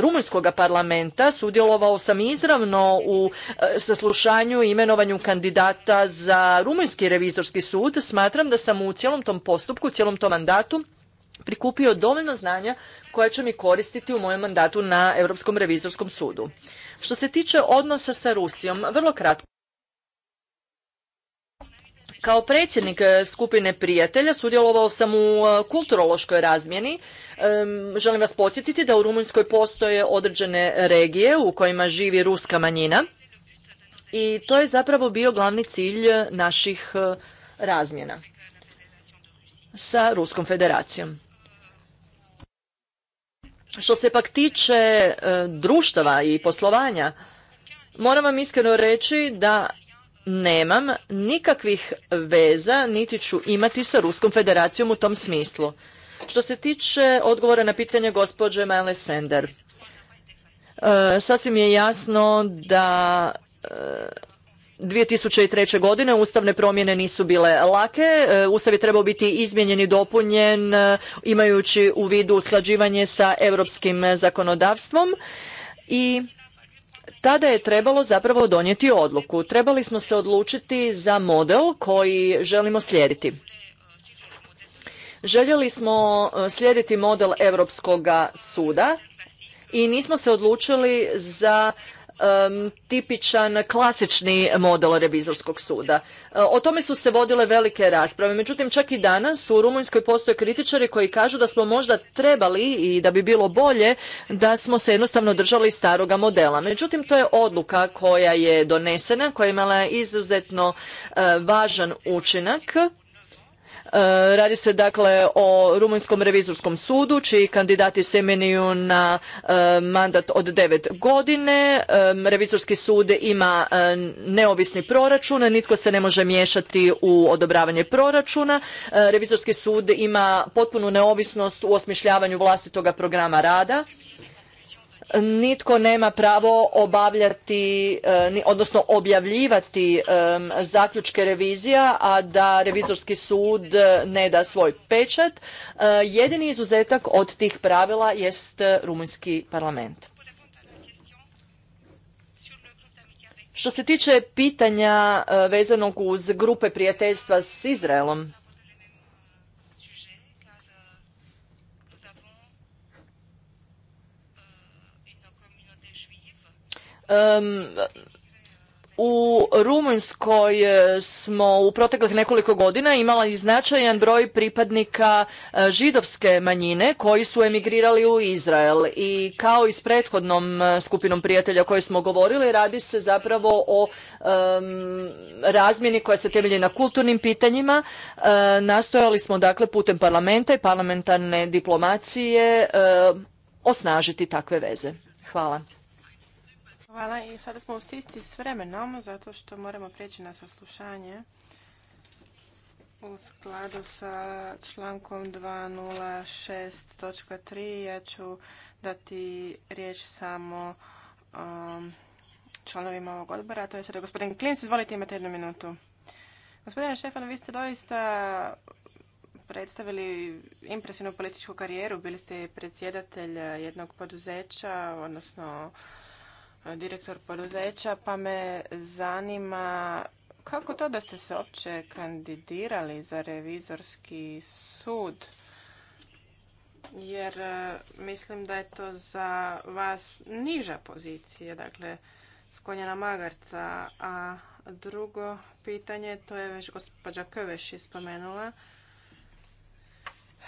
Rumunjskog parlamenta sudjelovao sam izravno u eh, saslušanju i imenovanju kandidata za Rumunjski revizorski sud. Smatram da sam u cijelom tom postupku, u cijelom tom mandatu prikupio dovoljno znanja koja će mi koristiti u mojem mandatu na Europskom revizorskom sudu. Što se tiče odnosa sa Rusijom, vrlo kratko. Kao predsjednik e, skupine prijatelja sudjelovao sam u e, kulturološkoj razmjeni. Želim vas podsjetiti da u Rumunjskoj postoje određene regije u kojima živi ruska manjina i to je zapravo bio glavni cilj e, naših razmjena sa Ruskom federacijom. Što se pak tiče društava i poslovanja, moram vam iskreno reći da nemam nikakvih veza niti ću imati sa Ruskom federacijom u tom smislu. Što se tiče odgovora na pitanje gospođe Mele Sender, e, sasvim je jasno da 2003. E, godine ustavne promjene nisu bile lake. E, Ustav je trebao biti izmijenjen i dopunjen imajući u vidu usklađivanje sa europskim zakonodavstvom i tada je trebalo zapravo donijeti odluku. Trebali smo se odlučiti za model koji želimo slijediti. Željeli smo e, slijediti model Europskog suda i nismo se odlučili za tipičan klasični model revizorskog suda. E, o tome su se vodile velike rasprave. Međutim, čak i danas u Rumunjskoj postoje kritičari koji kažu da smo možda trebali i da bi bilo bolje da smo se jednostavno držali staroga modela. Međutim, to je odluka koja je donesena, koja je imala izuzetno e, važan učinak E, radi se dakle o Rumunjskom revizorskom sudu čiji kandidati se imenuju na e, mandat od devet godine. E, revizorski sud ima neovisni proračun, nitko se ne može miješati u odobravanje proračuna. Revizorski sud ima potpunu neovisnost u osmišljavanju vlastitoga programa rada nitko nema pravo obavljati, e, odnosno objavljivati e, zaključke revizija, a da revizorski sud ne da svoj pečat. E, jedini izuzetak od tih pravila jest rumunjski parlament. Što se tiče pitanja vezanog uz grupe prijateljstva s Izraelom, u Rumunjskoj e, smo u proteklih nekoliko godina imala značajan broj pripadnika e, židovske manjine koji su emigrirali u Izrael i kao i s prethodnom e, skupinom prijatelja o kojoj smo govorili radi se zapravo o razmjeni koja se temelji na kulturnim pitanjima. nastojali smo dakle putem parlamenta i parlamentarne diplomacije osnažiti takve veze. Hvala. Hvala i sada smo u stisci s vremenom zato što moramo prijeći na saslušanje u skladu sa člankom 206.3. Ja ću dati riječ samo um, članovima ovog odbora, to je sada gospodin Klinc. Izvolite, imate jednu minutu. Gospodine Štefan, vi ste doista predstavili impresivnu političku karijeru. Bili ste predsjedatelj jednog poduzeća, odnosno direktor poduzeća, pa me zanima kako to da ste se opće kandidirali za revizorski sud? Jer e, mislim da je to za vas niža pozicija, dakle skonjena magarca. A drugo pitanje, to je već gospođa Köveš ispomenula,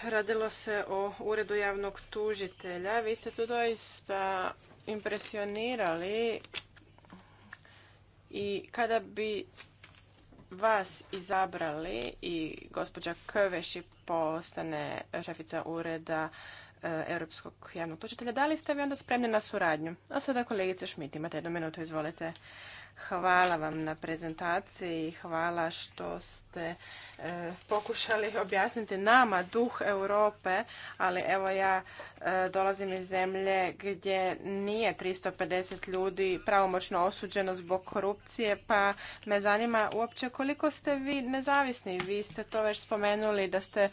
radilo se o uredu javnog tužitelja. Vi ste tu doista impresionirali i kada bi vas izabrali i gospođa Kveši postane šefica ureda e, Europskog javnog tužitelja, da li ste vi onda spremni na suradnju? A sada kolegice Šmit, imate jednu minutu, izvolite. Hvala vam na prezentaciji, hvala što ste e, pokušali objasniti nama duh Europe, ali evo ja e, dolazim iz zemlje gdje nije 350 ljudi pravomoćno osuđeno zbog korupcije, pa me zanima uopće koliko ste vi nezavisni. Vi ste to već spomenuli da ste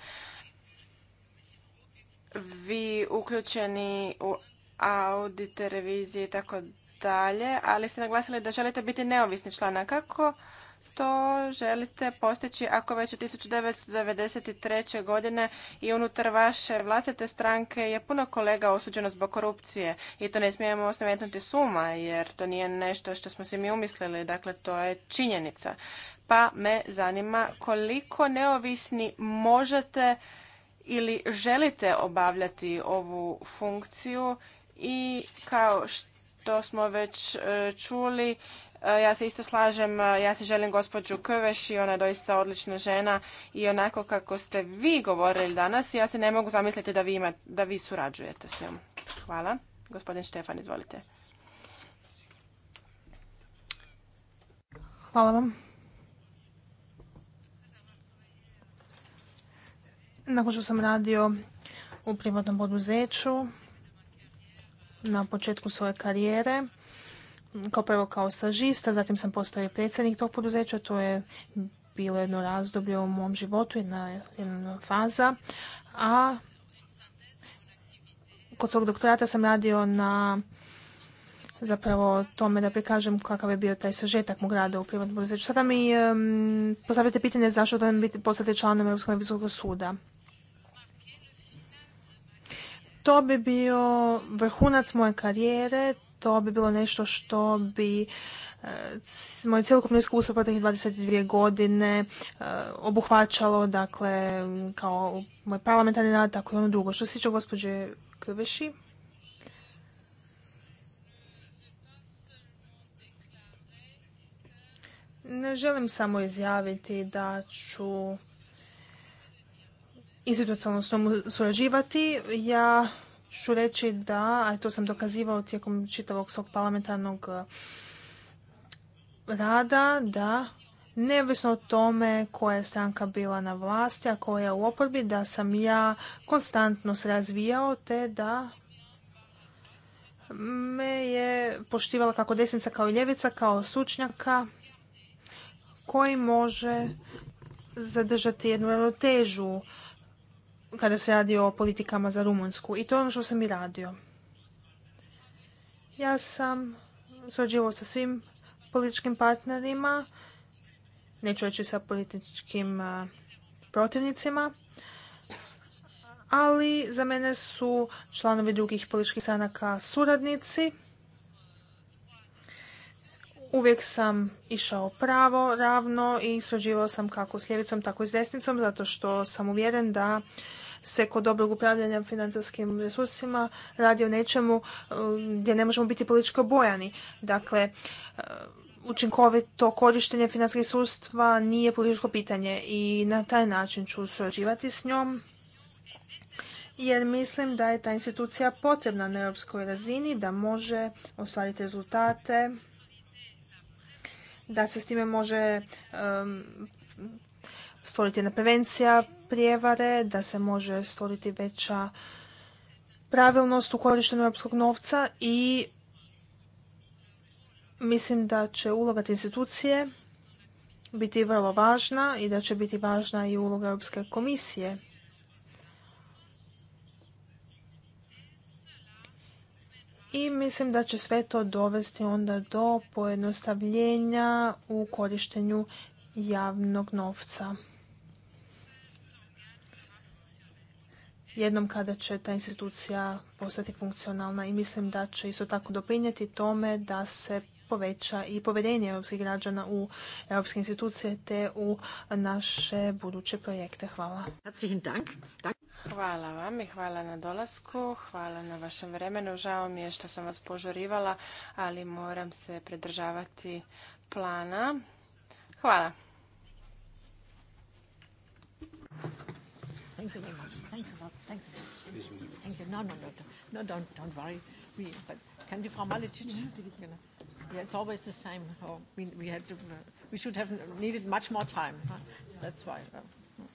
vi uključeni u audite, revizije i tako detalje, ali ste naglasili da želite biti neovisni člana. Kako to želite postići ako već u 1993. godine i unutar vaše vlastite stranke je puno kolega osuđeno zbog korupcije i to ne smijemo osnametnuti suma jer to nije nešto što smo si mi umislili, dakle to je činjenica. Pa me zanima koliko neovisni možete ili želite obavljati ovu funkciju i kao što to smo već e, čuli. E, ja se isto slažem, e, ja se želim gospođu Kveši. i ona je doista odlična žena i onako kako ste vi govorili danas, ja se ne mogu zamisliti da vi, ima, da vi surađujete s njom. Hvala. Gospodin Štefan, izvolite. Hvala vam. Nakon što sam radio u privatnom poduzeću, na početku svoje karijere kao prvo kao stažista, zatim sam postao i predsjednik tog poduzeća, to je bilo jedno razdoblje u mom životu, jedna, jedna faza, a kod svog doktorata sam radio na zapravo tome da prikažem kakav je bio taj sažetak mog rada u privatnom poduzeću. Sada mi um, postavljate pitanje zašto da mi postati članom Europskog visokog suda. To bi bio vrhunac moje karijere, to bi bilo nešto što bi e, moje cijelokupno iskustvo proteklih 22 godine e, obuhvaćalo, dakle, kao moj parlamentarni rad, tako i ono drugo. Što se tiče gospođe Krveši, ne želim samo izjaviti da ću institucionalno surađivati. Ja ću reći da, a to sam dokazivao tijekom čitavog svog parlamentarnog e, rada, da neovisno o tome koja je stranka bila na vlasti, a koja je u oporbi, da sam ja konstantno se razvijao, te da me je poštivala kako desnica, kao i ljevica, kao sučnjaka, koji može zadržati jednu ravnotežu kada se radi o politikama za Rumunjsku. I to je ono što sam i radio. Ja sam surađivao sa svim političkim partnerima, neću reći sa političkim protivnicima, ali za mene su članovi drugih političkih stranaka suradnici. Uvijek sam išao pravo, ravno i surađivao sam kako s ljevicom, tako i s desnicom, zato što sam uvjeren da se kod dobrog upravljanja financijskim resursima radi o nečemu e, gdje ne možemo biti političko bojani. Dakle, e, učinkovito korištenje financijskih resursa nije političko pitanje i na taj način ću surađivati s njom jer mislim da je ta institucija potrebna na europskoj razini da može ostvariti rezultate da se s time može stvoriti jedna prevencija prijevare, da se može stvoriti veća pravilnost u korištenju europskog novca i mislim da će uloga te institucije biti vrlo važna i da će biti važna i uloga Europske komisije. I mislim da će sve to dovesti onda do pojednostavljenja u korištenju javnog novca. jednom kada će ta institucija postati funkcionalna i mislim da će isto tako doprinijeti tome da se poveća i povedenje europskih građana u europske institucije te u naše buduće projekte. Hvala. Hvala vam i hvala na dolasku, hvala na vašem vremenu. Žao mi je što sam vas požurivala, ali moram se pridržavati plana. Hvala. Thank you very much. Thanks a lot. Thanks Thank you. No, no, no, no, don't, don't worry. We, but can you, Frau Maletic? You know, yeah, it's always the same. Oh, we, we had, to, uh, we should have needed much more time. Huh? That's why. Uh, hmm.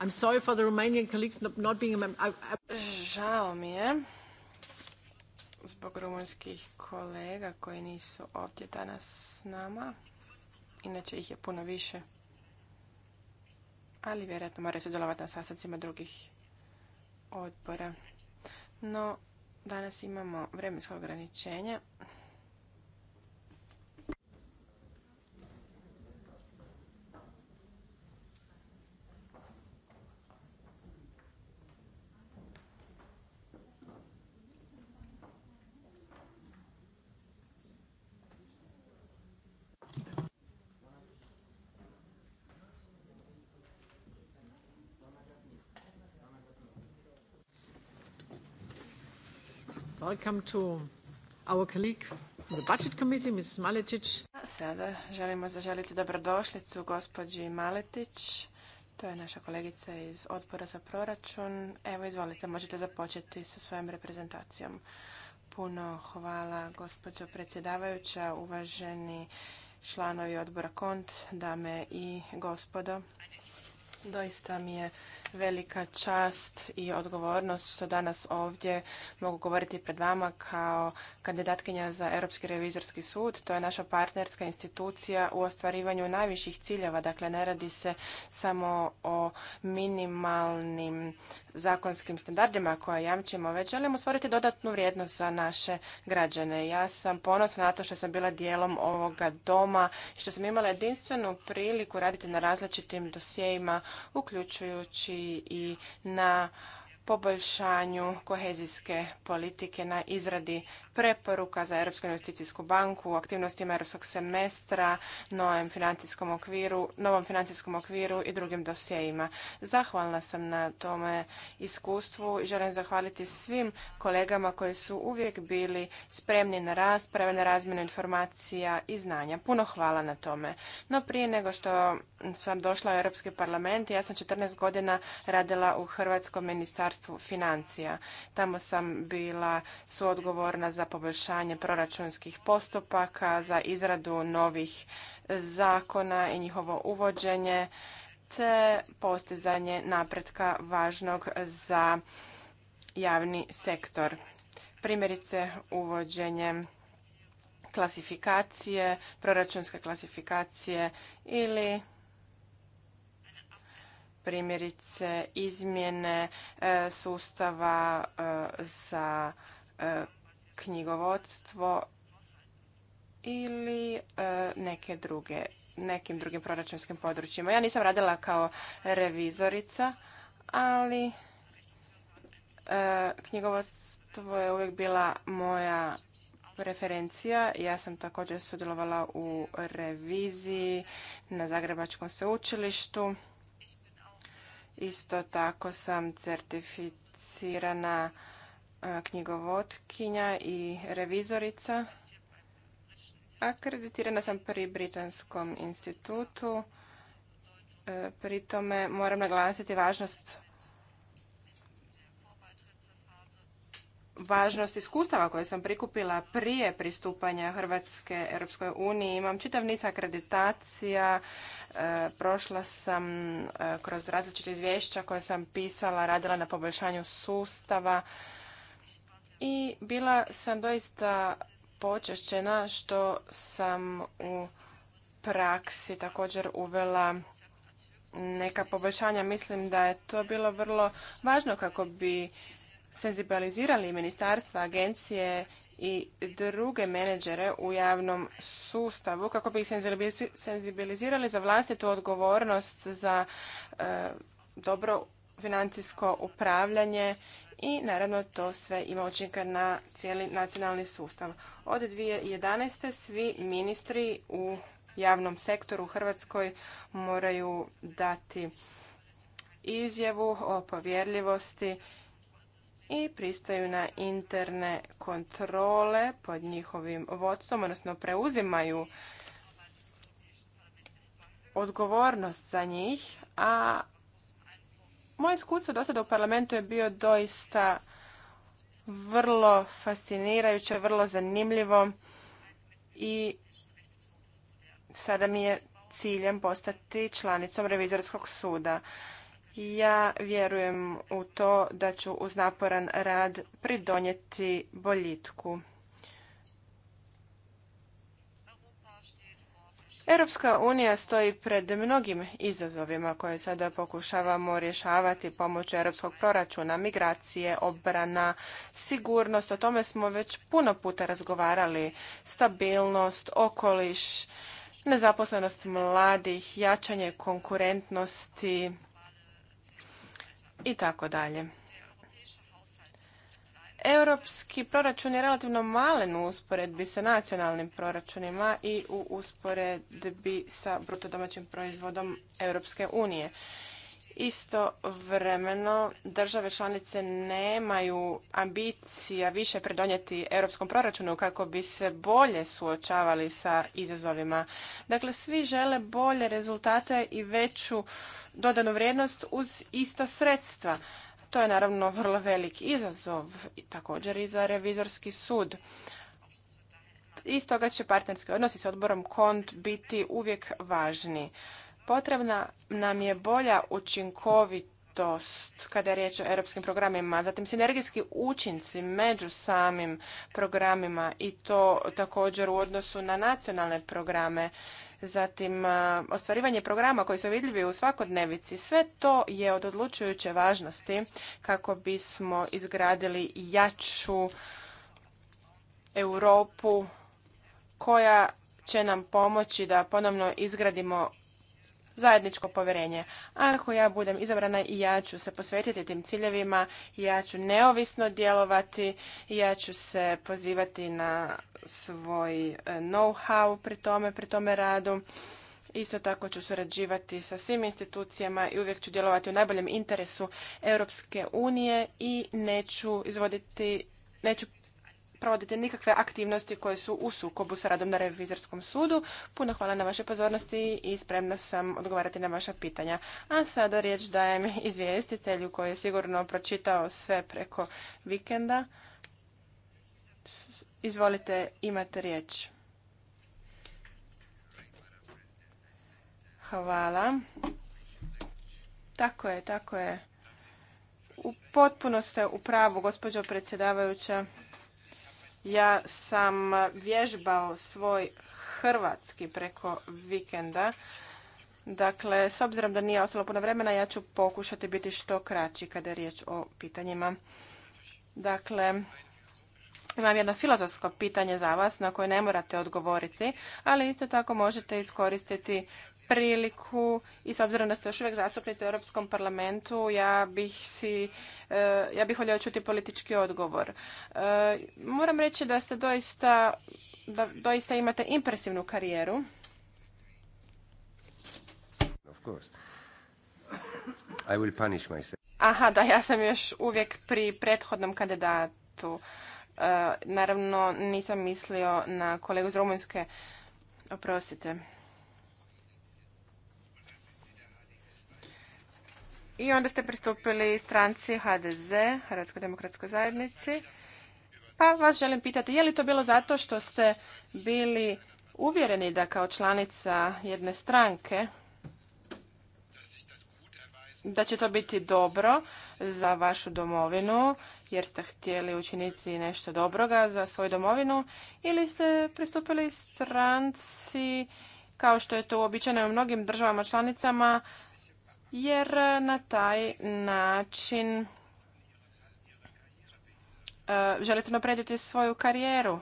I'm sorry for the Romanian colleagues not being a member. I, I... Žao mi je zbog rumunjskih kolega koji nisu ovdje danas s nama. Inače ih je puno više. Ali vjerojatno moraju sudjelovati na sastancima drugih odbora. No, danas imamo vremensko ograničenje. Welcome to our colleague the budget committee, Maletić. Sada želimo zaželiti dobrodošlicu gospođi Maletić. To je naša kolegica iz odbora za proračun. Evo, izvolite, možete započeti sa svojom reprezentacijom. Puno hvala, gospođo predsjedavajuća, uvaženi članovi odbora KONT, dame i gospodo. Doista mi je velika čast i odgovornost što danas ovdje mogu govoriti pred vama kao kandidatkinja za Europski revizorski sud. To je naša partnerska institucija u ostvarivanju najviših ciljeva. Dakle, ne radi se samo o minimalnim zakonskim standardima koje jamčimo, već želimo stvoriti dodatnu vrijednost za naše građane. Ja sam ponosna na to što sam bila dijelom ovoga doma i što sam imala jedinstvenu priliku raditi na različitim dosjejima uključujući i na poboljšanju kohezijske politike na izradi preporuka za Europsku investicijsku banku, aktivnostima europskog semestra, novom financijskom okviru, novom financijskom okviru i drugim dosjejima. Zahvalna sam na tome iskustvu i želim zahvaliti svim kolegama koji su uvijek bili spremni na rasprave, na razmjenu informacija i znanja. Puno hvala na tome. No prije nego što sam došla u Europski parlament, ja sam 14 godina radila u Hrvatskom ministarstvu Ministarstvu financija. Tamo sam bila suodgovorna za poboljšanje proračunskih postupaka, za izradu novih zakona i njihovo uvođenje, te postizanje napretka važnog za javni sektor. Primjerice uvođenje klasifikacije, proračunske klasifikacije ili primjerice izmjene e, sustava e, za e, knjigovodstvo ili neke druge, nekim drugim proračunskim područjima. Ja nisam radila kao revizorica, ali knjigovodstvo je uvijek bila moja referencija. Ja sam također sudjelovala u reviziji na Zagrebačkom sveučilištu. Isto tako sam certificirana e, knjigovodkinja i revizorica. Akreditirana sam pri Britanskom institutu. E, pri tome moram naglasiti važnost važnost iskustava koje sam prikupila prije pristupanja Hrvatske Europskoj uniji. Imam čitav niz akreditacija, e, prošla sam e, kroz različite izvješća koje sam pisala, radila na poboljšanju sustava i bila sam doista počešćena što sam u praksi također uvela neka poboljšanja. Mislim da je to bilo vrlo važno kako bi senzibilizirali ministarstva, agencije i druge menedžere u javnom sustavu kako bi ih senzibilizirali za vlastitu odgovornost za e, dobro financijsko upravljanje i naravno to sve ima učinka na cijeli nacionalni sustav. Od 2011. svi ministri u javnom sektoru u Hrvatskoj moraju dati izjavu o povjerljivosti i pristaju na interne kontrole pod njihovim vodstvom, odnosno preuzimaju odgovornost za njih, a moje iskustvo do sada u parlamentu je bio doista vrlo fascinirajuće, vrlo zanimljivo i sada mi je ciljem postati članicom revizorskog suda. Ja vjerujem u to da ću uz naporan rad pridonijeti boljitku. Europska unija stoji pred mnogim izazovima koje sada pokušavamo rješavati pomoću europskog proračuna, migracije, obrana, sigurnost. O tome smo već puno puta razgovarali. Stabilnost, okoliš, nezaposlenost mladih, jačanje konkurentnosti i tako dalje. Europski proračun je relativno malen u usporedbi sa nacionalnim proračunima i u usporedbi sa brutodomaćim proizvodom Europske unije. Istovremeno države članice nemaju ambicija više pridonijeti europskom proračunu kako bi se bolje suočavali sa izazovima. Dakle, svi žele bolje rezultate i veću dodanu vrijednost uz ista sredstva. To je naravno vrlo velik izazov i također i za revizorski sud. Iz toga će partnerski odnosi s odborom KONT biti uvijek važni. Potrebna nam je bolja učinkovitost kada je riječ o europskim programima, zatim sinergijski učinci među samim programima i to također u odnosu na nacionalne programe, zatim ostvarivanje programa koji su vidljivi u svakodnevici. Sve to je od odlučujuće važnosti kako bismo izgradili jaču Europu koja će nam pomoći da ponovno izgradimo zajedničko povjerenje. Ako ja budem izabrana i ja ću se posvetiti tim ciljevima, ja ću neovisno djelovati, ja ću se pozivati na svoj e, know-how pri tome, pri tome radu. Isto tako ću surađivati sa svim institucijama i uvijek ću djelovati u najboljem interesu Europske unije i neću izvoditi, neću provoditi nikakve aktivnosti koje su u sukobu sa radom na revizorskom sudu. Puno hvala na vaše pozornosti i spremna sam odgovarati na vaša pitanja. A sada riječ dajem izvjestitelju koji je sigurno pročitao sve preko vikenda. Izvolite, imate riječ. Hvala. Tako je, tako je. U potpuno ste u pravu, gospođo predsjedavajuća. Ja sam vježbao svoj hrvatski preko vikenda. Dakle, s obzirom da nije ostalo puno vremena, ja ću pokušati biti što kraći kada je riječ o pitanjima. Dakle, imam jedno filozofsko pitanje za vas na koje ne morate odgovoriti, ali isto tako možete iskoristiti priliku i s obzirom da ste još uvijek zastupnici u Europskom parlamentu, ja bih si, e, ja bih voljela čuti politički odgovor. E, moram reći da ste doista, da doista imate impresivnu karijeru. Of course. I will punish myself. Aha, da, ja sam još uvijek pri prethodnom kandidatu. E, naravno, nisam mislio na kolegu iz Rumunjske. Oprostite. I onda ste pristupili stranci HDZ, Hrvatskoj demokratskoj zajednici. Pa vas želim pitati, je li to bilo zato što ste bili uvjereni da kao članica jedne stranke da će to biti dobro za vašu domovinu, jer ste htjeli učiniti nešto dobroga za svoju domovinu, ili ste pristupili stranci, kao što je to uobičajeno u mnogim državama članicama, jer e, na taj način e, želite naprediti svoju karijeru.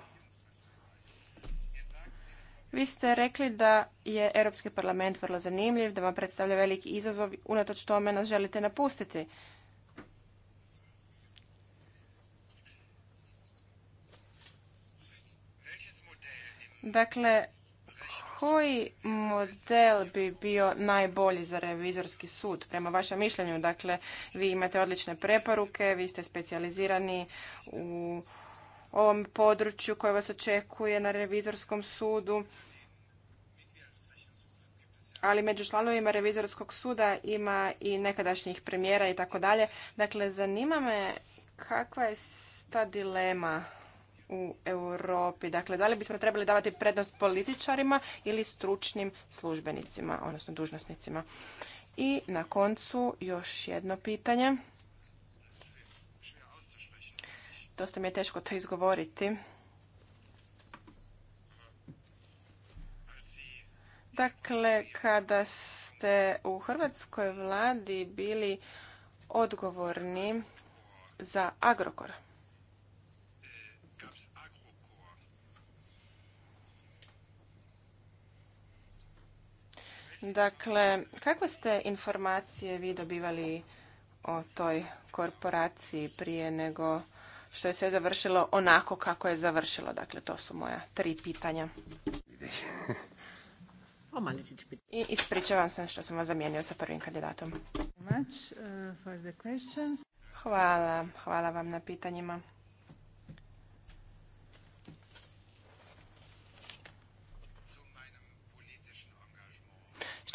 Vi ste rekli da je Europski parlament vrlo zanimljiv, da vam predstavlja veliki izazov, unatoč tome nas želite napustiti. Dakle, koji model bi bio najbolji za revizorski sud prema vašem mišljenju? Dakle, vi imate odlične preporuke, vi ste specijalizirani u ovom području koje vas očekuje na revizorskom sudu. Ali među članovima revizorskog suda ima i nekadašnjih premijera i tako dalje. Dakle, zanima me kakva je ta dilema u Europi. Dakle, da li bismo trebali davati prednost političarima ili stručnim službenicima, odnosno dužnosnicima? I na koncu još jedno pitanje. Dosta mi je teško to izgovoriti. Dakle, kada ste u hrvatskoj vladi bili odgovorni za Agrokor. Dakle, kakve ste informacije vi dobivali o toj korporaciji prije nego što je sve završilo onako kako je završilo? Dakle, to su moja tri pitanja. I ispričavam se što sam vas zamijenio sa prvim kandidatom. Uh, hvala, hvala vam na pitanjima.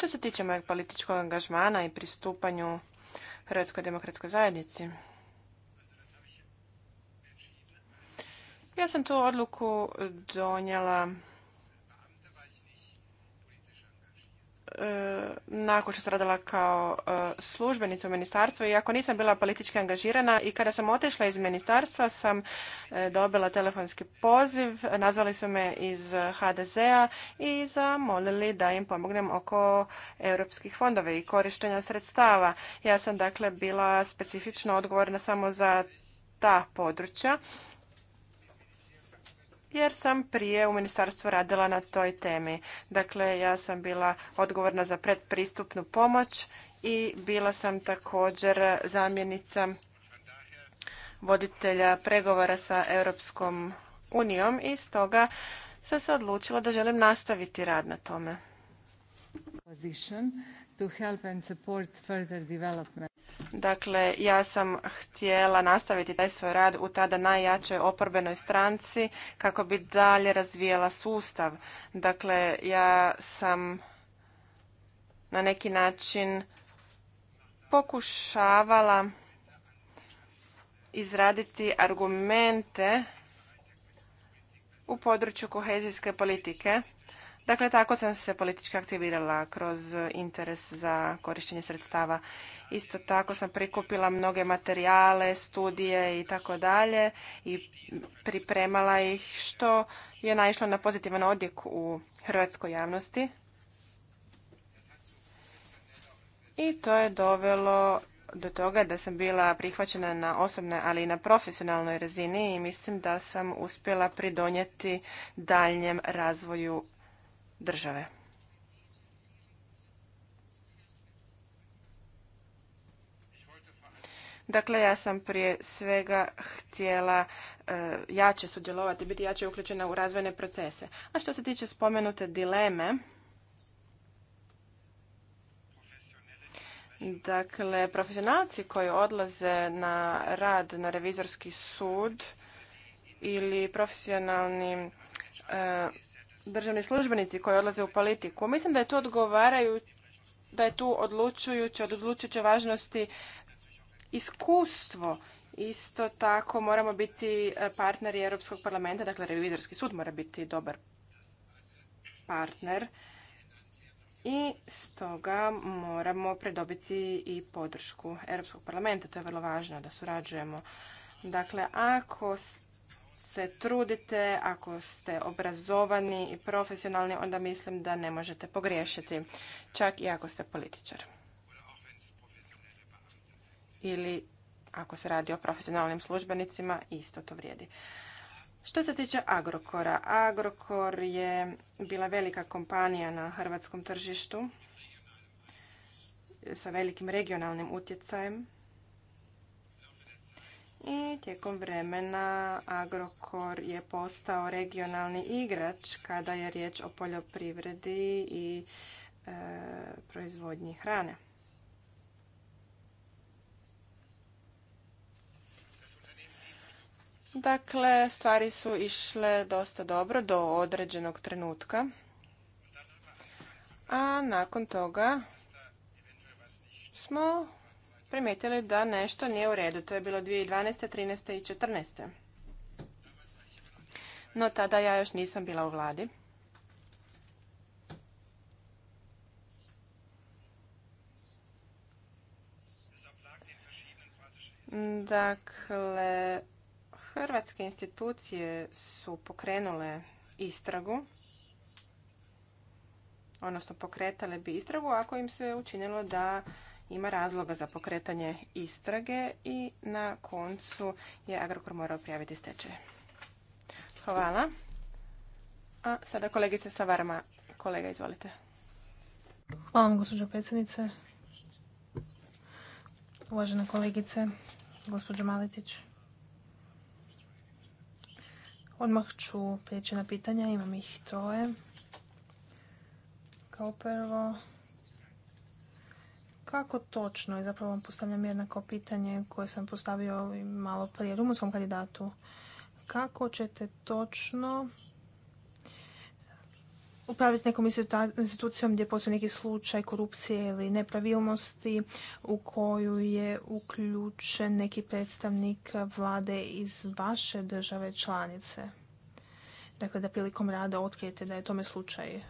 Što se tiče mojeg političkog angažmana i pristupanju Hrvatskoj demokratskoj zajednici, ja sam tu odluku donijela E, nakon što sam radila kao e, službenica u ministarstvu, iako nisam bila politički angažirana i kada sam otišla iz ministarstva sam e, dobila telefonski poziv, nazvali su me iz HDZ-a i zamolili da im pomognem oko europskih fondova i korištenja sredstava. Ja sam dakle bila specifično odgovorna samo za ta područja jer sam prije u ministarstvu radila na toj temi. Dakle, ja sam bila odgovorna za predpristupnu pomoć i bila sam također zamjenica voditelja pregovora sa Europskom unijom i stoga sam se odlučila da želim nastaviti rad na tome. Dakle, ja sam htjela nastaviti taj svoj rad u tada najjačoj oporbenoj stranci kako bi dalje razvijela sustav. Dakle, ja sam na neki način pokušavala izraditi argumente u području kohezijske politike Dakle, tako sam se politički aktivirala kroz interes za korištenje sredstava. Isto tako sam prikupila mnoge materijale, studije i tako dalje i pripremala ih što je naišlo na pozitivan odjek u hrvatskoj javnosti. I to je dovelo do toga da sam bila prihvaćena na osobnoj, ali i na profesionalnoj razini i mislim da sam uspjela pridonijeti daljnjem razvoju države. Dakle, ja sam prije svega htjela e, jače sudjelovati, biti jače uključena u razvojne procese. A što se tiče spomenute dileme, dakle, profesionalci koji odlaze na rad na revizorski sud ili profesionalni e, državni službenici koji odlaze u politiku. Mislim da je tu odgovaraju, da je tu odlučujuće, od odlučujuće važnosti iskustvo. Isto tako moramo biti e, partneri Europskog parlamenta, dakle revizorski sud mora biti dobar partner i stoga moramo predobiti i podršku Europskog parlamenta. To je vrlo važno da surađujemo. Dakle, ako se trudite, ako ste obrazovani i profesionalni, onda mislim da ne možete pogriješiti, čak i ako ste političar. Ili ako se radi o profesionalnim službenicima, isto to vrijedi. Što se tiče Agrokora, Agrokor je bila velika kompanija na hrvatskom tržištu sa velikim regionalnim utjecajem i tijekom vremena Agrokor je postao regionalni igrač kada je riječ o poljoprivredi i e, proizvodnji hrane. Dakle, stvari su išle dosta dobro do određenog trenutka. A nakon toga smo primijetili da nešto nije u redu. To je bilo 2012., 13. i 14. No tada ja još nisam bila u vladi. Dakle, hrvatske institucije su pokrenule istragu, odnosno pokretale bi istragu ako im se učinilo da ima razloga za pokretanje istrage i na koncu je Agrokor morao prijaviti stečaj. Hvala. A sada kolegice varama. kolega izvolite. Hvala vam gospođo predsjednice. Uvažena kolegice, gospođo Maletić. Odmah ću prijeći na pitanja, imam ih troje. Kao prvo, kako točno, i zapravo vam postavljam jednako pitanje koje sam postavio malo prije rumunskom kandidatu, kako ćete točno upraviti nekom institucijom gdje postoji neki slučaj korupcije ili nepravilnosti u koju je uključen neki predstavnik vlade iz vaše države članice. Dakle, da prilikom rada otkrijete da je tome slučaj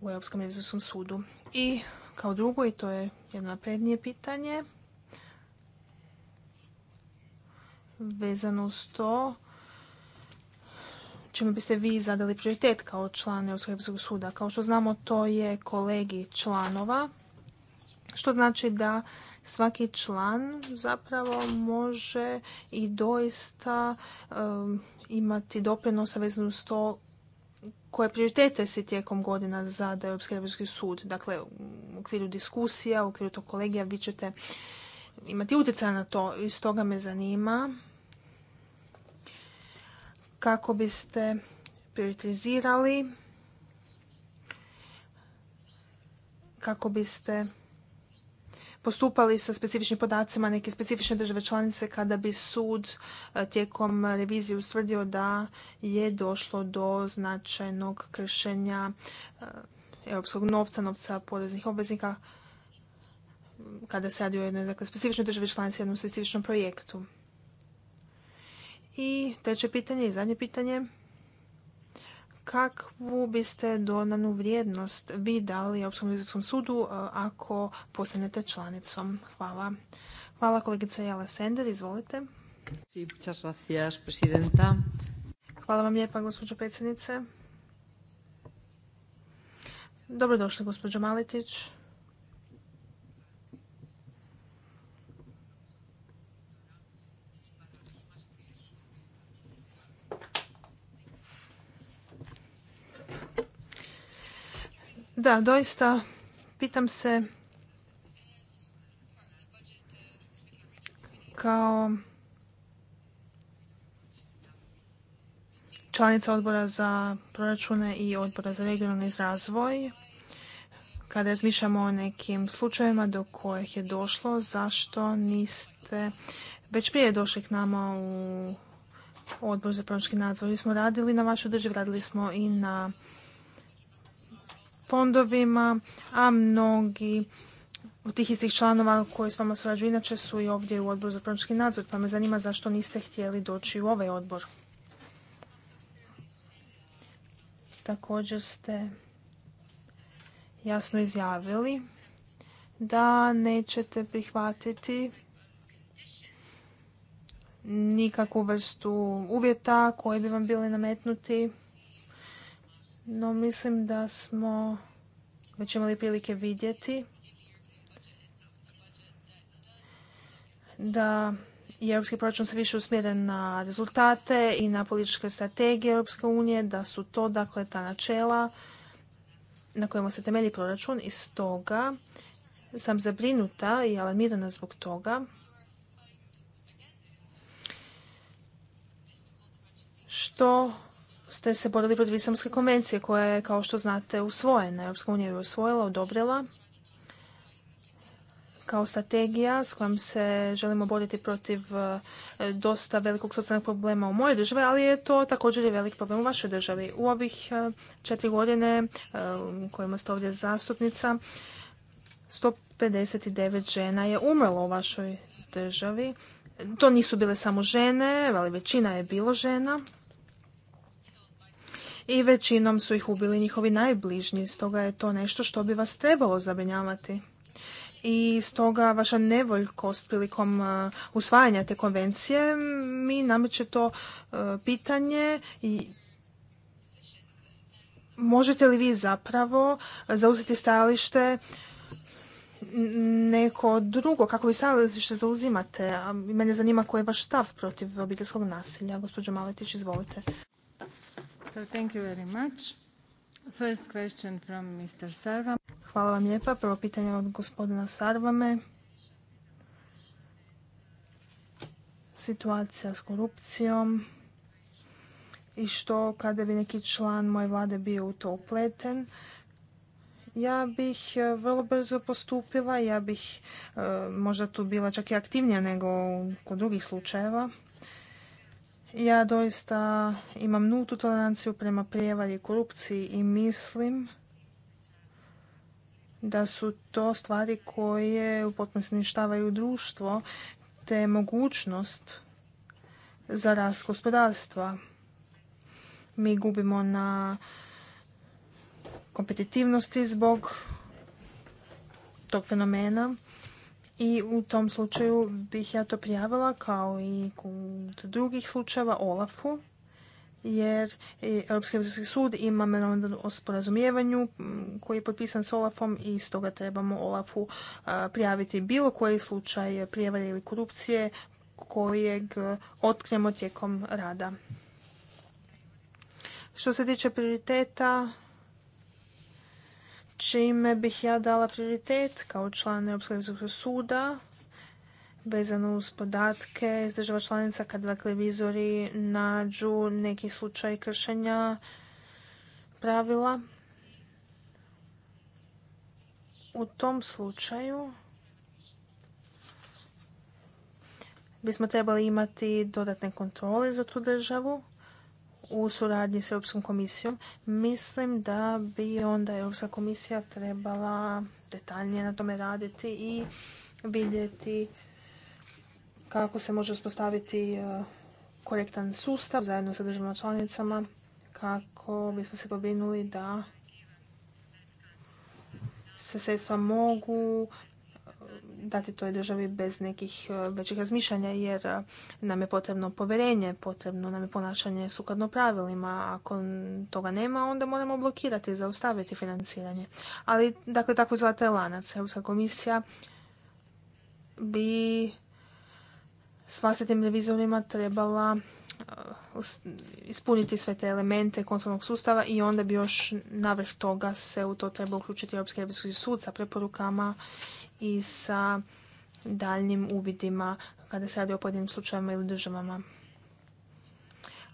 u Europskom revizorskom sudu. I kao drugo, i to je jedno naprednije pitanje, vezano s to čime biste vi zadali prioritet kao član Europskog suda. Kao što znamo, to je kolegi članova, što znači da svaki član zapravo može i doista um, imati doprinosa vezano s to koje prioritete se tijekom godina zada Europski sud. Dakle, u okviru diskusija, u okviru tog kolegija vi ćete imati utjecaj na to i stoga me zanima kako biste prioritizirali, kako biste postupali sa specifičnim podacima neke specifične države članice kada bi sud e, tijekom revizije ustvrdio da je došlo do značajnog kršenja e, europskog novca, novca poreznih obveznika kada se radi o jednoj dakle, specifičnoj državi članici, jednom specifičnom projektu. I treće pitanje i zadnje pitanje kakvu biste donanu vrijednost vi dali Europskom revizorskom sudu e, ako postanete članicom? Hvala. Hvala kolegica Jala Sender, izvolite. Hvala vam lijepa, gospođo predsjednice. Dobrodošli, gospođo Maletić. Da, doista, pitam se kao članica odbora za proračune i odbora za regionalni razvoj, kada razmišljamo o nekim slučajevima do kojih je došlo, zašto niste već prije došli k nama u odbor za proračunski nadzor? Mi smo radili na vašu državu, radili smo i na fondovima, a mnogi od tih istih članova koji s vama surađuju inače su i ovdje u odboru za proračunski nadzor, pa me zanima zašto niste htjeli doći u ovaj odbor. Također ste jasno izjavili da nećete prihvatiti nikakvu vrstu uvjeta koji bi vam bili nametnuti no mislim da smo već imali prilike vidjeti da je europski proračun se više usmjeren na rezultate i na političke strategije Europske unije, da su to dakle ta načela na kojima se temelji proračun i stoga sam zabrinuta i alarmirana zbog toga što ste se borili protiv Islamske konvencije koja je, kao što znate, usvojena. Europska unija je usvojila, odobrila kao strategija s kojom se želimo boriti protiv e, dosta velikog socijalnog problema u mojoj državi, ali je to također i velik problem u vašoj državi. U ovih e, četiri godine e, u kojima ste ovdje zastupnica, 159 žena je umrlo u vašoj državi. To nisu bile samo žene, ali većina je bilo žena i većinom su ih ubili njihovi najbližnji, stoga je to nešto što bi vas trebalo zabrinjavati. I stoga vaša nevoljkost prilikom e, usvajanja te konvencije mi nameće to e, pitanje i možete li vi zapravo zauzeti stajalište neko drugo, kako vi stajalište zauzimate? A mene zanima koji je vaš stav protiv obiteljskog nasilja. Gospođo Maletić, izvolite. Hvala vam lijepa. Prvo pitanje od gospodina Sarvame. Situacija s korupcijom i što kada bi neki član moje vlade bio u to upleten, ja bih e, vrlo brzo postupila, ja bih e, možda tu bila čak i aktivnija nego kod drugih slučajeva. Ja doista imam nutu toleranciju prema prijevari i korupciji i mislim da su to stvari koje u potpunosti uništavaju društvo te mogućnost za rast gospodarstva. Mi gubimo na kompetitivnosti zbog tog fenomena i u tom slučaju bih ja to prijavila kao i kod drugih slučajeva Olafu jer e, Europski revizorski sud ima memorandum o sporazumijevanju koji je potpisan s Olafom i stoga trebamo Olafu prijaviti bilo koji slučaj prijevare ili korupcije kojeg otkrijemo tijekom rada. Što se tiče prioriteta čime bih ja dala prioritet kao član Europskog suda vezano uz podatke iz država članica kad dakle nađu neki slučaj kršenja pravila. U tom slučaju bismo trebali imati dodatne kontrole za tu državu u suradnji s Europskom komisijom, mislim da bi onda Europska komisija trebala detaljnije na tome raditi i vidjeti kako se može uspostaviti e, korektan sustav zajedno sa državama članicama kako bismo se pobrinuli da se sredstva mogu dati toj državi bez nekih e, većih razmišljanja jer e, nam je potrebno povjerenje, potrebno nam je ponašanje sukladno pravilima. Ako toga nema, onda moramo blokirati, zaustaviti financiranje. Ali, dakle, tako lanac. Europska komisija bi s vlastitim revizorima trebala e, ispuniti sve te elemente kontrolnog sustava i onda bi još navrh toga se u to treba uključiti Europski revizorski sud sa preporukama i sa daljnim uvidima kada se radi o pojedinim slučajevima ili državama.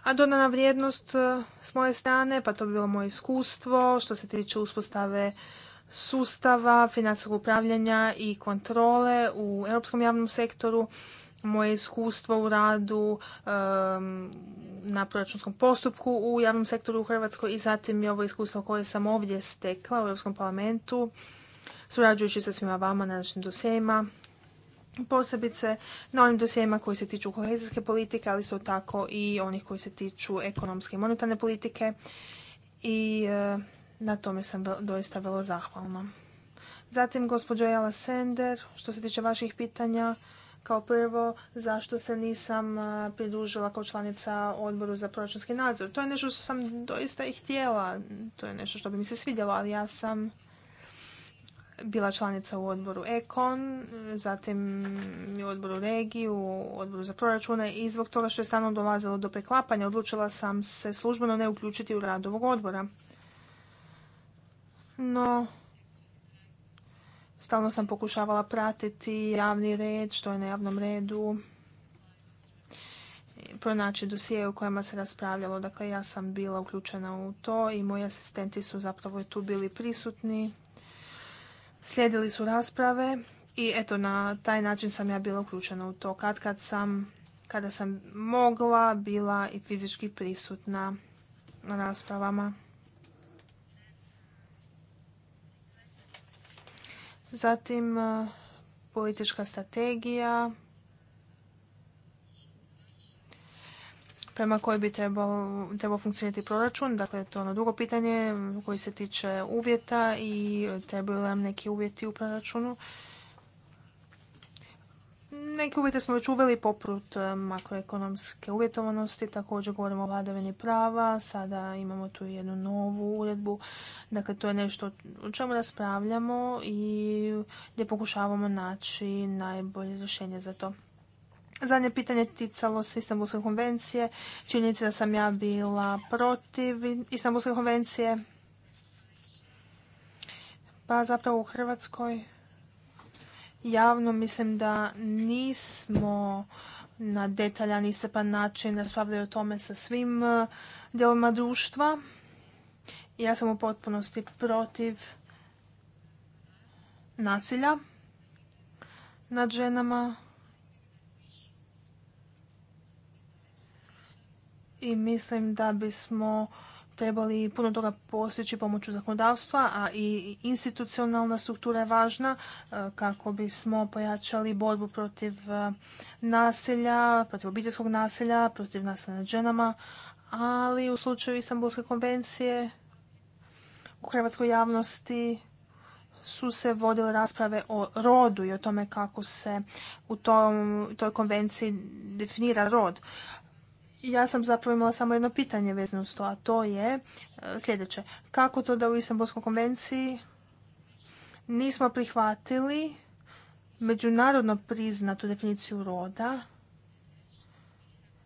A dodana vrijednost e, s moje strane, pa to bi bilo moje iskustvo što se tiče uspostave sustava, financijskog upravljanja i kontrole u europskom javnom sektoru, moje iskustvo u radu na proračunskom postupku u javnom sektoru u Hrvatskoj i zatim je ovo iskustvo koje sam ovdje stekla u Europskom parlamentu surađujući sa svima vama na našim dosjeima, posebice na onim dosijema koji se tiču kohezijske politike, ali su tako i onih koji se tiču ekonomske i monetarne politike i e, na tome sam doista vrlo zahvalna. Zatim, gospođo Jala Sender, što se tiče vaših pitanja, kao prvo, zašto se nisam e, pridružila kao članica odboru za proračunski nadzor. To je nešto što sam doista i htjela, to je nešto što bi mi se svidjelo, ali ja sam bila članica u odboru Ekon, zatim u odboru Regiju, u odboru za proračune i zbog toga što je stano dolazilo do preklapanja odlučila sam se službeno ne uključiti u rad ovog odbora. No, stalno sam pokušavala pratiti javni red, što je na javnom redu, pronaći dosije u kojima se raspravljalo. Dakle, ja sam bila uključena u to i moji asistenti su zapravo tu bili prisutni Slijedili su rasprave i eto na taj način sam ja bila uključena u to. Kad, kad sam, kada sam mogla, bila i fizički prisutna na raspravama. Zatim eh, politička strategija prema kojoj bi trebao, funkcionirati proračun. Dakle, to je ono drugo pitanje koji se tiče uvjeta i trebaju nam neki uvjeti u proračunu. Neki uvjete smo već uveli poput eh, makroekonomske uvjetovanosti, također govorimo o vladavini prava, sada imamo tu jednu novu uredbu. Dakle, to je nešto o čemu raspravljamo i gdje pokušavamo naći najbolje rješenje za to. Zadnje pitanje ticalo se Istanbulske konvencije. Činjenica da sam ja bila protiv Istanbulske konvencije. Pa zapravo u Hrvatskoj javno mislim da nismo na detaljan sepan način raspravljaju o tome sa svim e, dijelovima društva. Ja sam u potpunosti protiv nasilja nad ženama i mislim da bismo trebali puno toga postići pomoću zakonodavstva, a i institucionalna struktura je važna e, kako bismo pojačali borbu protiv e, nasilja, protiv obiteljskog nasilja, protiv nasilja nad ženama, ali u slučaju Istanbulske konvencije u hrvatskoj javnosti su se vodile rasprave o rodu i o tome kako se u toj konvenciji definira rod ja sam zapravo imala samo jedno pitanje vezano s to, a to je e, sljedeće. Kako to da u Istanbulskoj konvenciji nismo prihvatili međunarodno priznatu definiciju roda,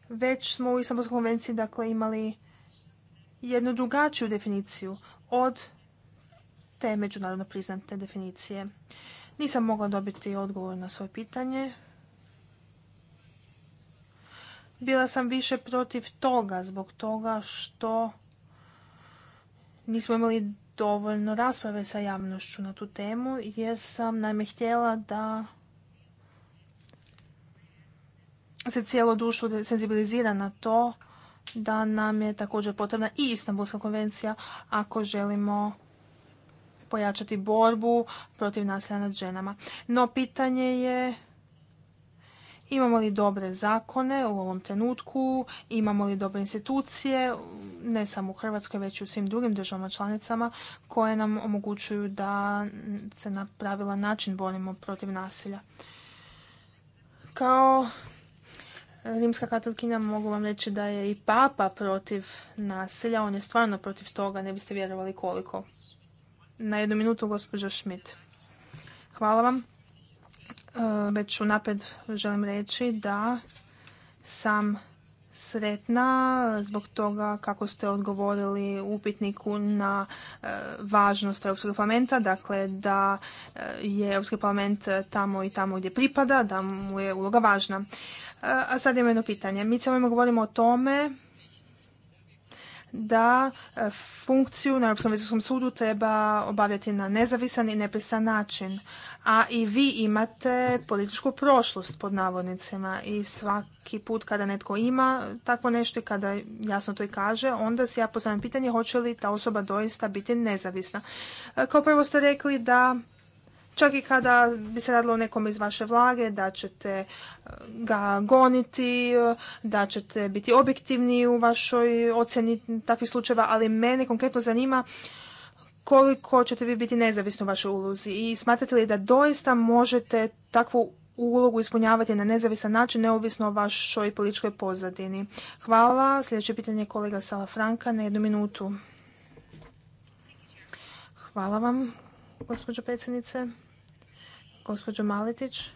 već smo u Istanbulskoj konvenciji dakle, imali jednu drugačiju definiciju od te međunarodno priznate definicije. Nisam mogla dobiti odgovor na svoje pitanje. Bila sam više protiv toga zbog toga što nismo imali dovoljno rasprave sa javnošću na tu temu jer sam najme htjela da se cijelo društvo senzibilizira na to da nam je također potrebna i Istanbulska konvencija ako želimo pojačati borbu protiv nasilja nad ženama. No pitanje je Imamo li dobre zakone u ovom trenutku, imamo li dobre institucije, ne samo u Hrvatskoj, već i u svim drugim državama članicama, koje nam omogućuju da se na pravilan način borimo protiv nasilja. Kao rimska katolkinja mogu vam reći da je i papa protiv nasilja, on je stvarno protiv toga, ne biste vjerovali koliko. Na jednu minutu, gospođo Schmidt. Hvala vam. E, već unaprijed želim reći da sam sretna zbog toga kako ste odgovorili upitniku na e, važnost Europskog parlamenta, dakle da e, je Europski parlament tamo i tamo gdje pripada, da mu je uloga važna. a sad imamo jedno pitanje. Mi cijelo govorimo o tome da e, funkciju na Europskom vizijskom sudu treba obavljati na nezavisan i neprisan način. A i vi imate političku prošlost pod navodnicima i svaki put kada netko ima takvo nešto i kada jasno to i kaže, onda se ja postavljam pitanje hoće li ta osoba doista biti nezavisna. E, kao prvo ste rekli da Čak i kada bi se radilo o nekom iz vaše vlage, da ćete e, ga goniti, e, da ćete biti objektivni u vašoj ocjeni takvih slučajeva, ali mene konkretno zanima koliko ćete vi biti nezavisni u vašoj ulozi i smatrate li da doista možete takvu ulogu ispunjavati na nezavisan način, neovisno o vašoj političkoj pozadini. Hvala. Sljedeće pitanje je kolega Sala Franka na jednu minutu. Hvala vam, gospođo predsjednice gospođo Maletić.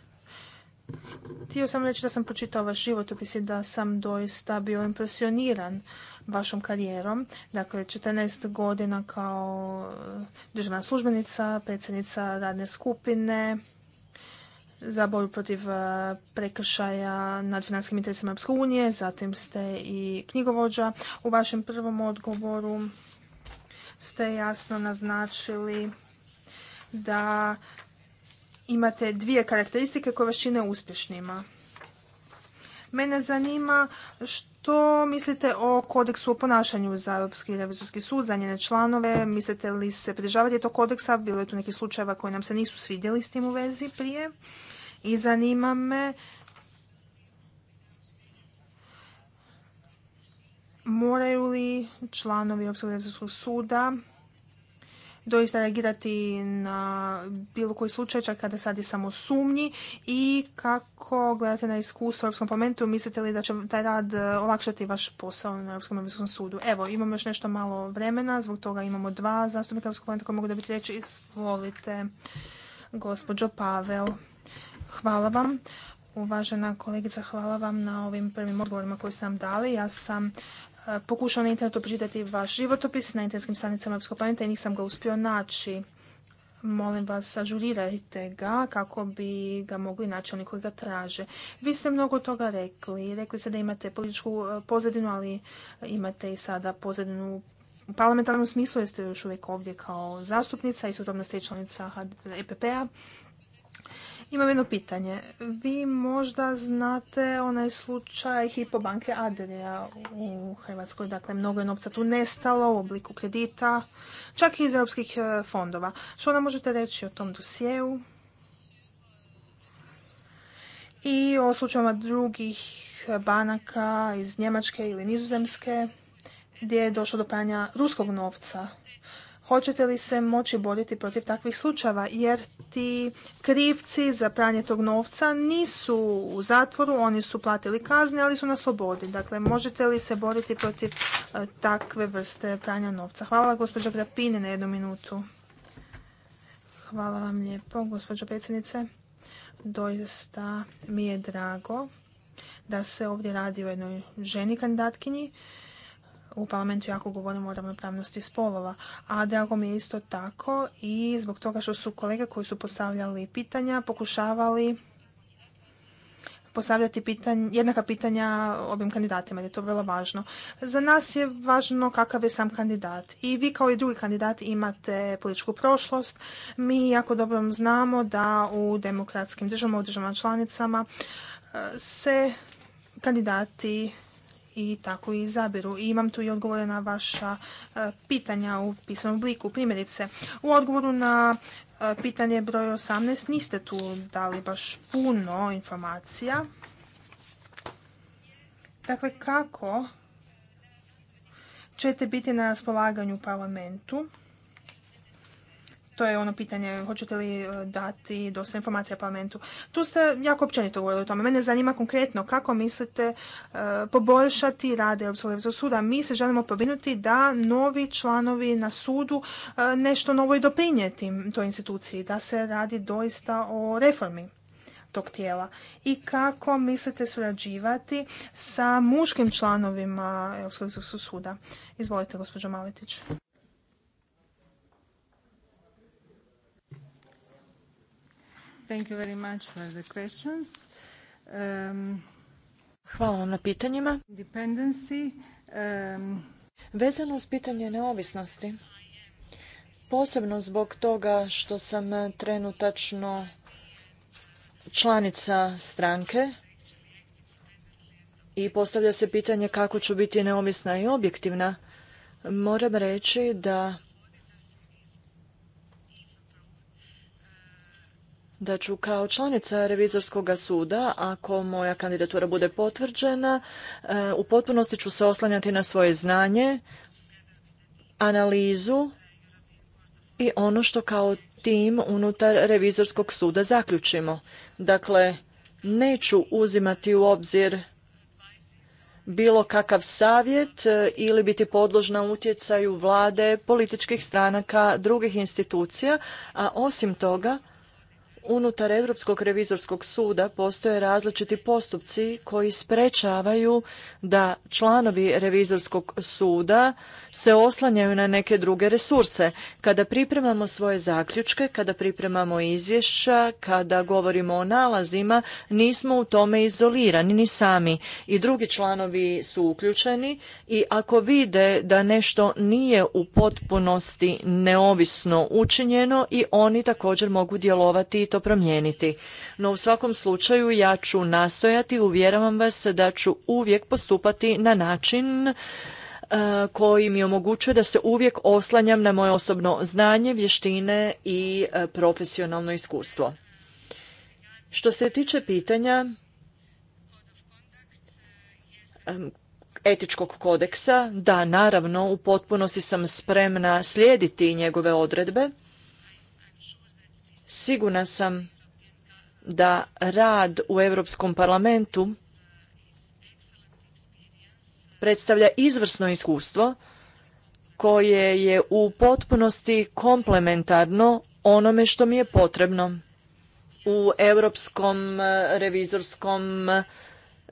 Htio sam reći da sam pročitao vaš životopis i da sam doista bio impresioniran vašom karijerom. Dakle, 14 godina kao državna službenica, predsjednica radne skupine za borbu protiv e, prekršaja nad finanskim interesima Europske unije, zatim ste i knjigovođa. U vašem prvom odgovoru ste jasno naznačili da imate dvije karakteristike koje vas čine uspješnima. Mene zanima što mislite o kodeksu o ponašanju za Europski revizorski sud, za njene članove, mislite li se pridržavati tog kodeksa, bilo je tu nekih slučajeva koji nam se nisu svidjeli s tim u vezi prije i zanima me moraju li članovi Europskog revizorskog suda doista reagirati na bilo koji slučaj, čak kada sad je samo sumnji i kako gledate na iskustvo u Europskom parlamentu, mislite li da će taj rad e, olakšati vaš posao na Europskom Europskom sudu? Evo, imamo još nešto malo vremena, zbog toga imamo dva zastupnika Europskog parlamenta koji mogu dobiti reći, Izvolite, gospođo Pavel. Hvala vam. Uvažena kolegica, hvala vam na ovim prvim odgovorima koje ste nam dali. Ja sam pokušao na internetu pročitati vaš životopis na internetskim stranicama Europskog parlamenta i nisam ga uspio naći. Molim vas, ažurirajte ga kako bi ga mogli naći oni koji ga traže. Vi ste mnogo toga rekli. Rekli ste da imate političku e, pozadinu, ali imate i sada pozadinu u parlamentarnom smislu, Jeste još uvijek ovdje kao zastupnica i sudobno ste članica EPP-a. Imam jedno pitanje. Vi možda znate onaj slučaj Hipobanke Adria u Hrvatskoj. Dakle, mnogo je novca tu nestalo u obliku kredita, čak i iz europskih e, fondova. Što nam možete reći o tom dosjeu? I o slučajama drugih banaka iz Njemačke ili Nizozemske gdje je došlo do pranja ruskog novca Hoćete li se moći boriti protiv takvih slučajeva? Jer ti krivci za pranje tog novca nisu u zatvoru, oni su platili kazne, ali su na slobodi. Dakle, možete li se boriti protiv e, takve vrste pranja novca? Hvala gospođa Grapine na jednu minutu. Hvala vam lijepo, gospođo predsjednice. Doista mi je drago da se ovdje radi o jednoj ženi kandidatkinji u parlamentu jako govorimo o ravnopravnosti spolova, a drago mi je isto tako i zbog toga što su kolege koji su postavljali pitanja pokušavali postavljati jednaka pitanja ovim kandidatima, jer je to vrlo važno. Za nas je važno kakav je sam kandidat. I vi kao i drugi kandidat imate političku prošlost. Mi jako dobro znamo da u demokratskim državama, u državama članicama eh, se kandidati i tako i izabiru. I imam tu i odgovore na vaša e, pitanja u pisanom obliku. Primjerice, u odgovoru na e, pitanje broj 18 niste tu dali baš puno informacija. Dakle, kako ćete biti na raspolaganju parlamentu? to je ono pitanje hoćete li e, dati dosta informacija parlamentu. Tu ste jako općenito govorili o tome. Mene zanima konkretno kako mislite e, poboljšati rade Europskog revizor suda. Mi se želimo pobrinuti da novi članovi na sudu e, nešto novo i doprinijeti toj instituciji, da se radi doista o reformi tog tijela i kako mislite surađivati sa muškim članovima Europskog suda. Izvolite, gospođo Maletić. Thank you very much for the questions. Um, Hvala vam na pitanjima. Dependency. Um, Vezano s pitanje neovisnosti, posebno zbog toga što sam trenutačno članica stranke i postavlja se pitanje kako ću biti neovisna i objektivna, moram reći da da ću kao članica revizorskog suda, ako moja kandidatura bude potvrđena, eh, u potpunosti ću se oslanjati na svoje znanje, analizu i ono što kao tim unutar revizorskog suda zaključimo. Dakle, neću uzimati u obzir bilo kakav savjet eh, ili biti podložna utjecaju vlade, političkih stranaka, drugih institucija, a osim toga unutar Europskog revizorskog suda postoje različiti postupci koji sprečavaju da članovi revizorskog suda se oslanjaju na neke druge resurse. Kada pripremamo svoje zaključke, kada pripremamo izvješća, kada govorimo o nalazima, nismo u tome izolirani ni sami. I drugi članovi su uključeni i ako vide da nešto nije u potpunosti neovisno učinjeno i oni također mogu djelovati i to promijeniti. No u svakom slučaju ja ću nastojati, uvjeravam vas da ću uvijek postupati na način e, koji mi omogućuje da se uvijek oslanjam na moje osobno znanje, vještine i e, profesionalno iskustvo. Što se tiče pitanja etičkog kodeksa, da naravno u potpunosti sam spremna slijediti njegove odredbe Sigurna sam da rad u Europskom parlamentu predstavlja izvrsno iskustvo koje je u potpunosti komplementarno onome što mi je potrebno u Europskom e, revizorskom e,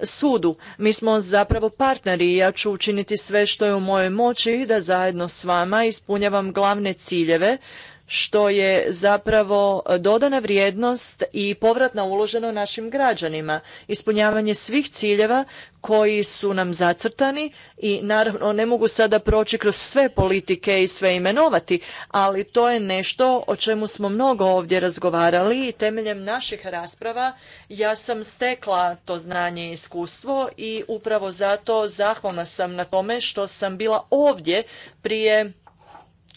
sudu. Mi smo zapravo partneri i ja ću učiniti sve što je u mojoj moći da zajedno s vama ispunjavam glavne ciljeve što je zapravo dodana vrijednost i povratna uloženo našim građanima. Ispunjavanje svih ciljeva koji su nam zacrtani i naravno ne mogu sada proći kroz sve politike i sve imenovati, ali to je nešto o čemu smo mnogo ovdje razgovarali i temeljem naših rasprava ja sam stekla to znanje i iskustvo i upravo zato zahvalna sam na tome što sam bila ovdje prije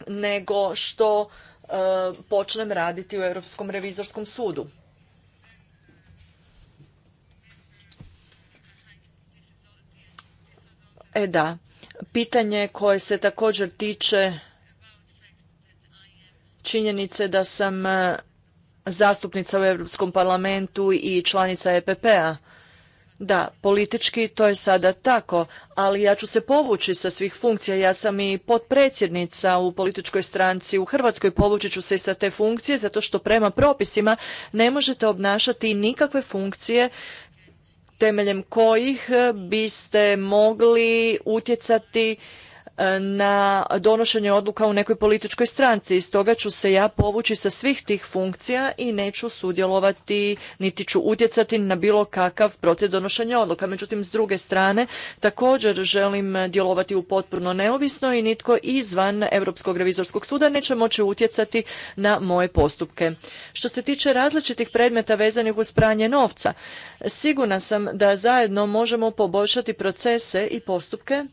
nego što E, počnem raditi u Europskom revizorskom sudu. E da, pitanje koje se također tiče činjenice da sam e, zastupnica u Europskom parlamentu i članica EPP-a. Da, politički to je sada tako, ali ja ću se povući sa svih funkcija. Ja sam i potpredsjednica u političkoj stranci u Hrvatskoj, povući ću se i sa te funkcije zato što prema propisima ne možete obnašati nikakve funkcije temeljem kojih eh, biste mogli utjecati na donošenje odluka u nekoj političkoj stranci. Stoga ću se ja povući sa svih tih funkcija i neću sudjelovati niti ću utjecati na bilo kakav proces donošenja odluka. Međutim, s druge strane, također želim djelovati u potpuno neovisno i nitko izvan Europskog revizorskog suda neće moći utjecati na moje postupke. Što se tiče različitih predmeta vezanih uz pranje novca, sigurna sam da zajedno možemo poboljšati procese i postupke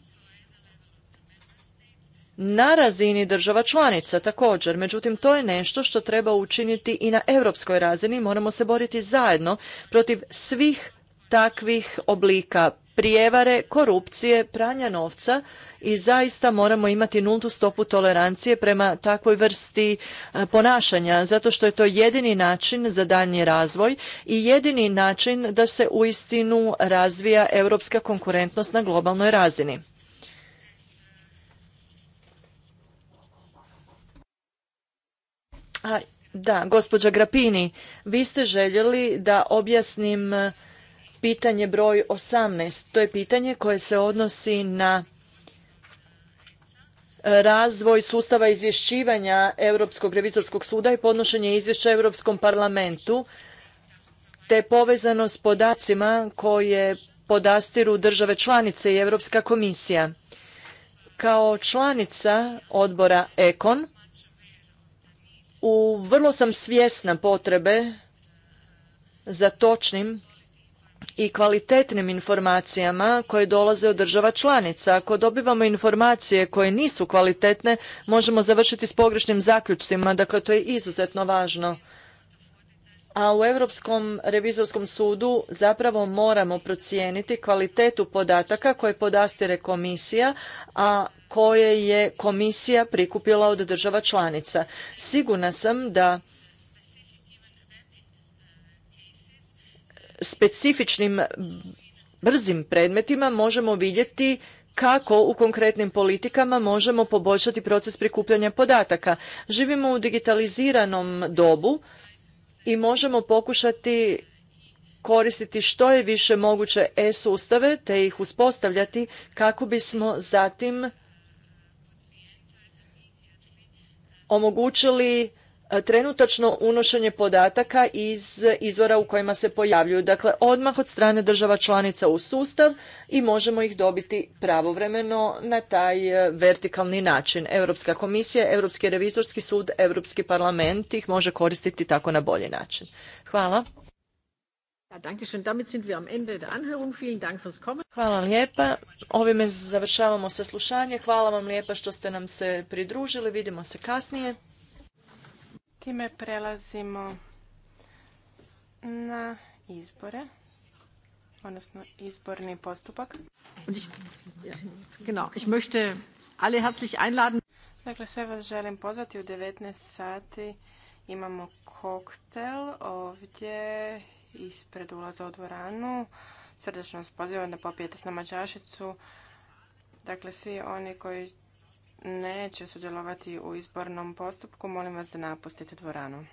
na razini država članica također. Međutim, to je nešto što treba učiniti i na europskoj razini. Moramo se boriti zajedno protiv svih takvih oblika prijevare, korupcije, pranja novca i zaista moramo imati nultu stopu tolerancije prema takvoj vrsti e, ponašanja, zato što je to jedini način za daljnji razvoj i jedini način da se uistinu razvija europska konkurentnost na globalnoj razini. A, da, gospođa Grapini, vi ste željeli da objasnim e, pitanje broj 18. To je pitanje koje se odnosi na e, razvoj sustava izvješćivanja Europskog revizorskog suda i podnošenje izvješća Europskom parlamentu te povezano s podacima koje podastiru države članice i Europska komisija. Kao članica odbora EKON vrlo sam svjesna potrebe za točnim i kvalitetnim informacijama koje dolaze od država članica. Ako dobivamo informacije koje nisu kvalitetne, možemo završiti s pogrešnim zaključcima, dakle to je izuzetno važno a u Europskom revizorskom sudu zapravo moramo procijeniti kvalitetu podataka koje podastire komisija, a koje je komisija prikupila od država članica. Sigurna sam da specifičnim brzim predmetima možemo vidjeti kako u konkretnim politikama možemo poboljšati proces prikupljanja podataka. Živimo u digitaliziranom dobu i možemo pokušati koristiti što je više moguće e-sustave te ih uspostavljati kako bismo zatim omogućili E, trenutačno unošenje podataka iz izvora u kojima se pojavljuju. Dakle, odmah od strane država članica u sustav i možemo ih dobiti pravovremeno na taj e, vertikalni način. Europska komisija, Europski revizorski sud, Europski parlament ih može koristiti tako na bolji način. Hvala. Hvala lijepa. Ovime završavamo saslušanje. Hvala vam lijepa što ste nam se pridružili. Vidimo se kasnije. Time prelazimo na izbore, odnosno izborni postupak. Dakle, sve vas želim pozvati u 19 sati. Imamo koktel ovdje ispred ulaza u dvoranu. Srdečno vas pozivam da popijete s nama čašicu. Dakle, svi oni koji neće sudjelovati u izbornom postupku, molim vas da napustite dvoranu.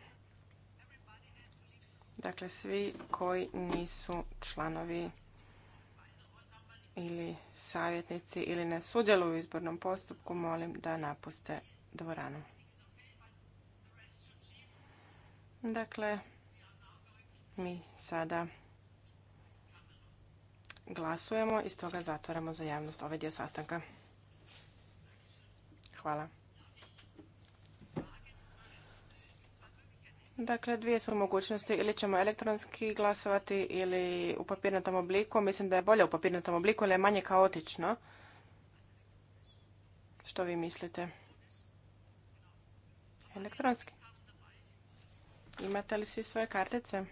Dakle, svi koji nisu članovi ili savjetnici ili ne sudjeluju u izbornom postupku, molim da napuste dvoranu. Dakle, mi sada glasujemo i stoga zatvaramo za javnost ovaj dio sastanka. Hvala. Dakle, dvije su mogućnosti. Ili ćemo elektronski glasovati ili u papirnatom obliku. Mislim da je bolje u papirnatom obliku, ali je manje kaotično. Što vi mislite? Elektronski. Imate li svi svoje kartice?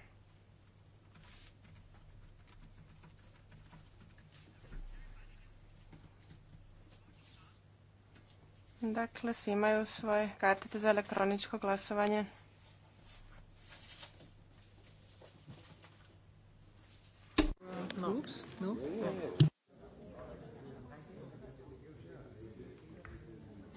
Dakle, svi imaju svoje kartice za elektroničko glasovanje. Oops.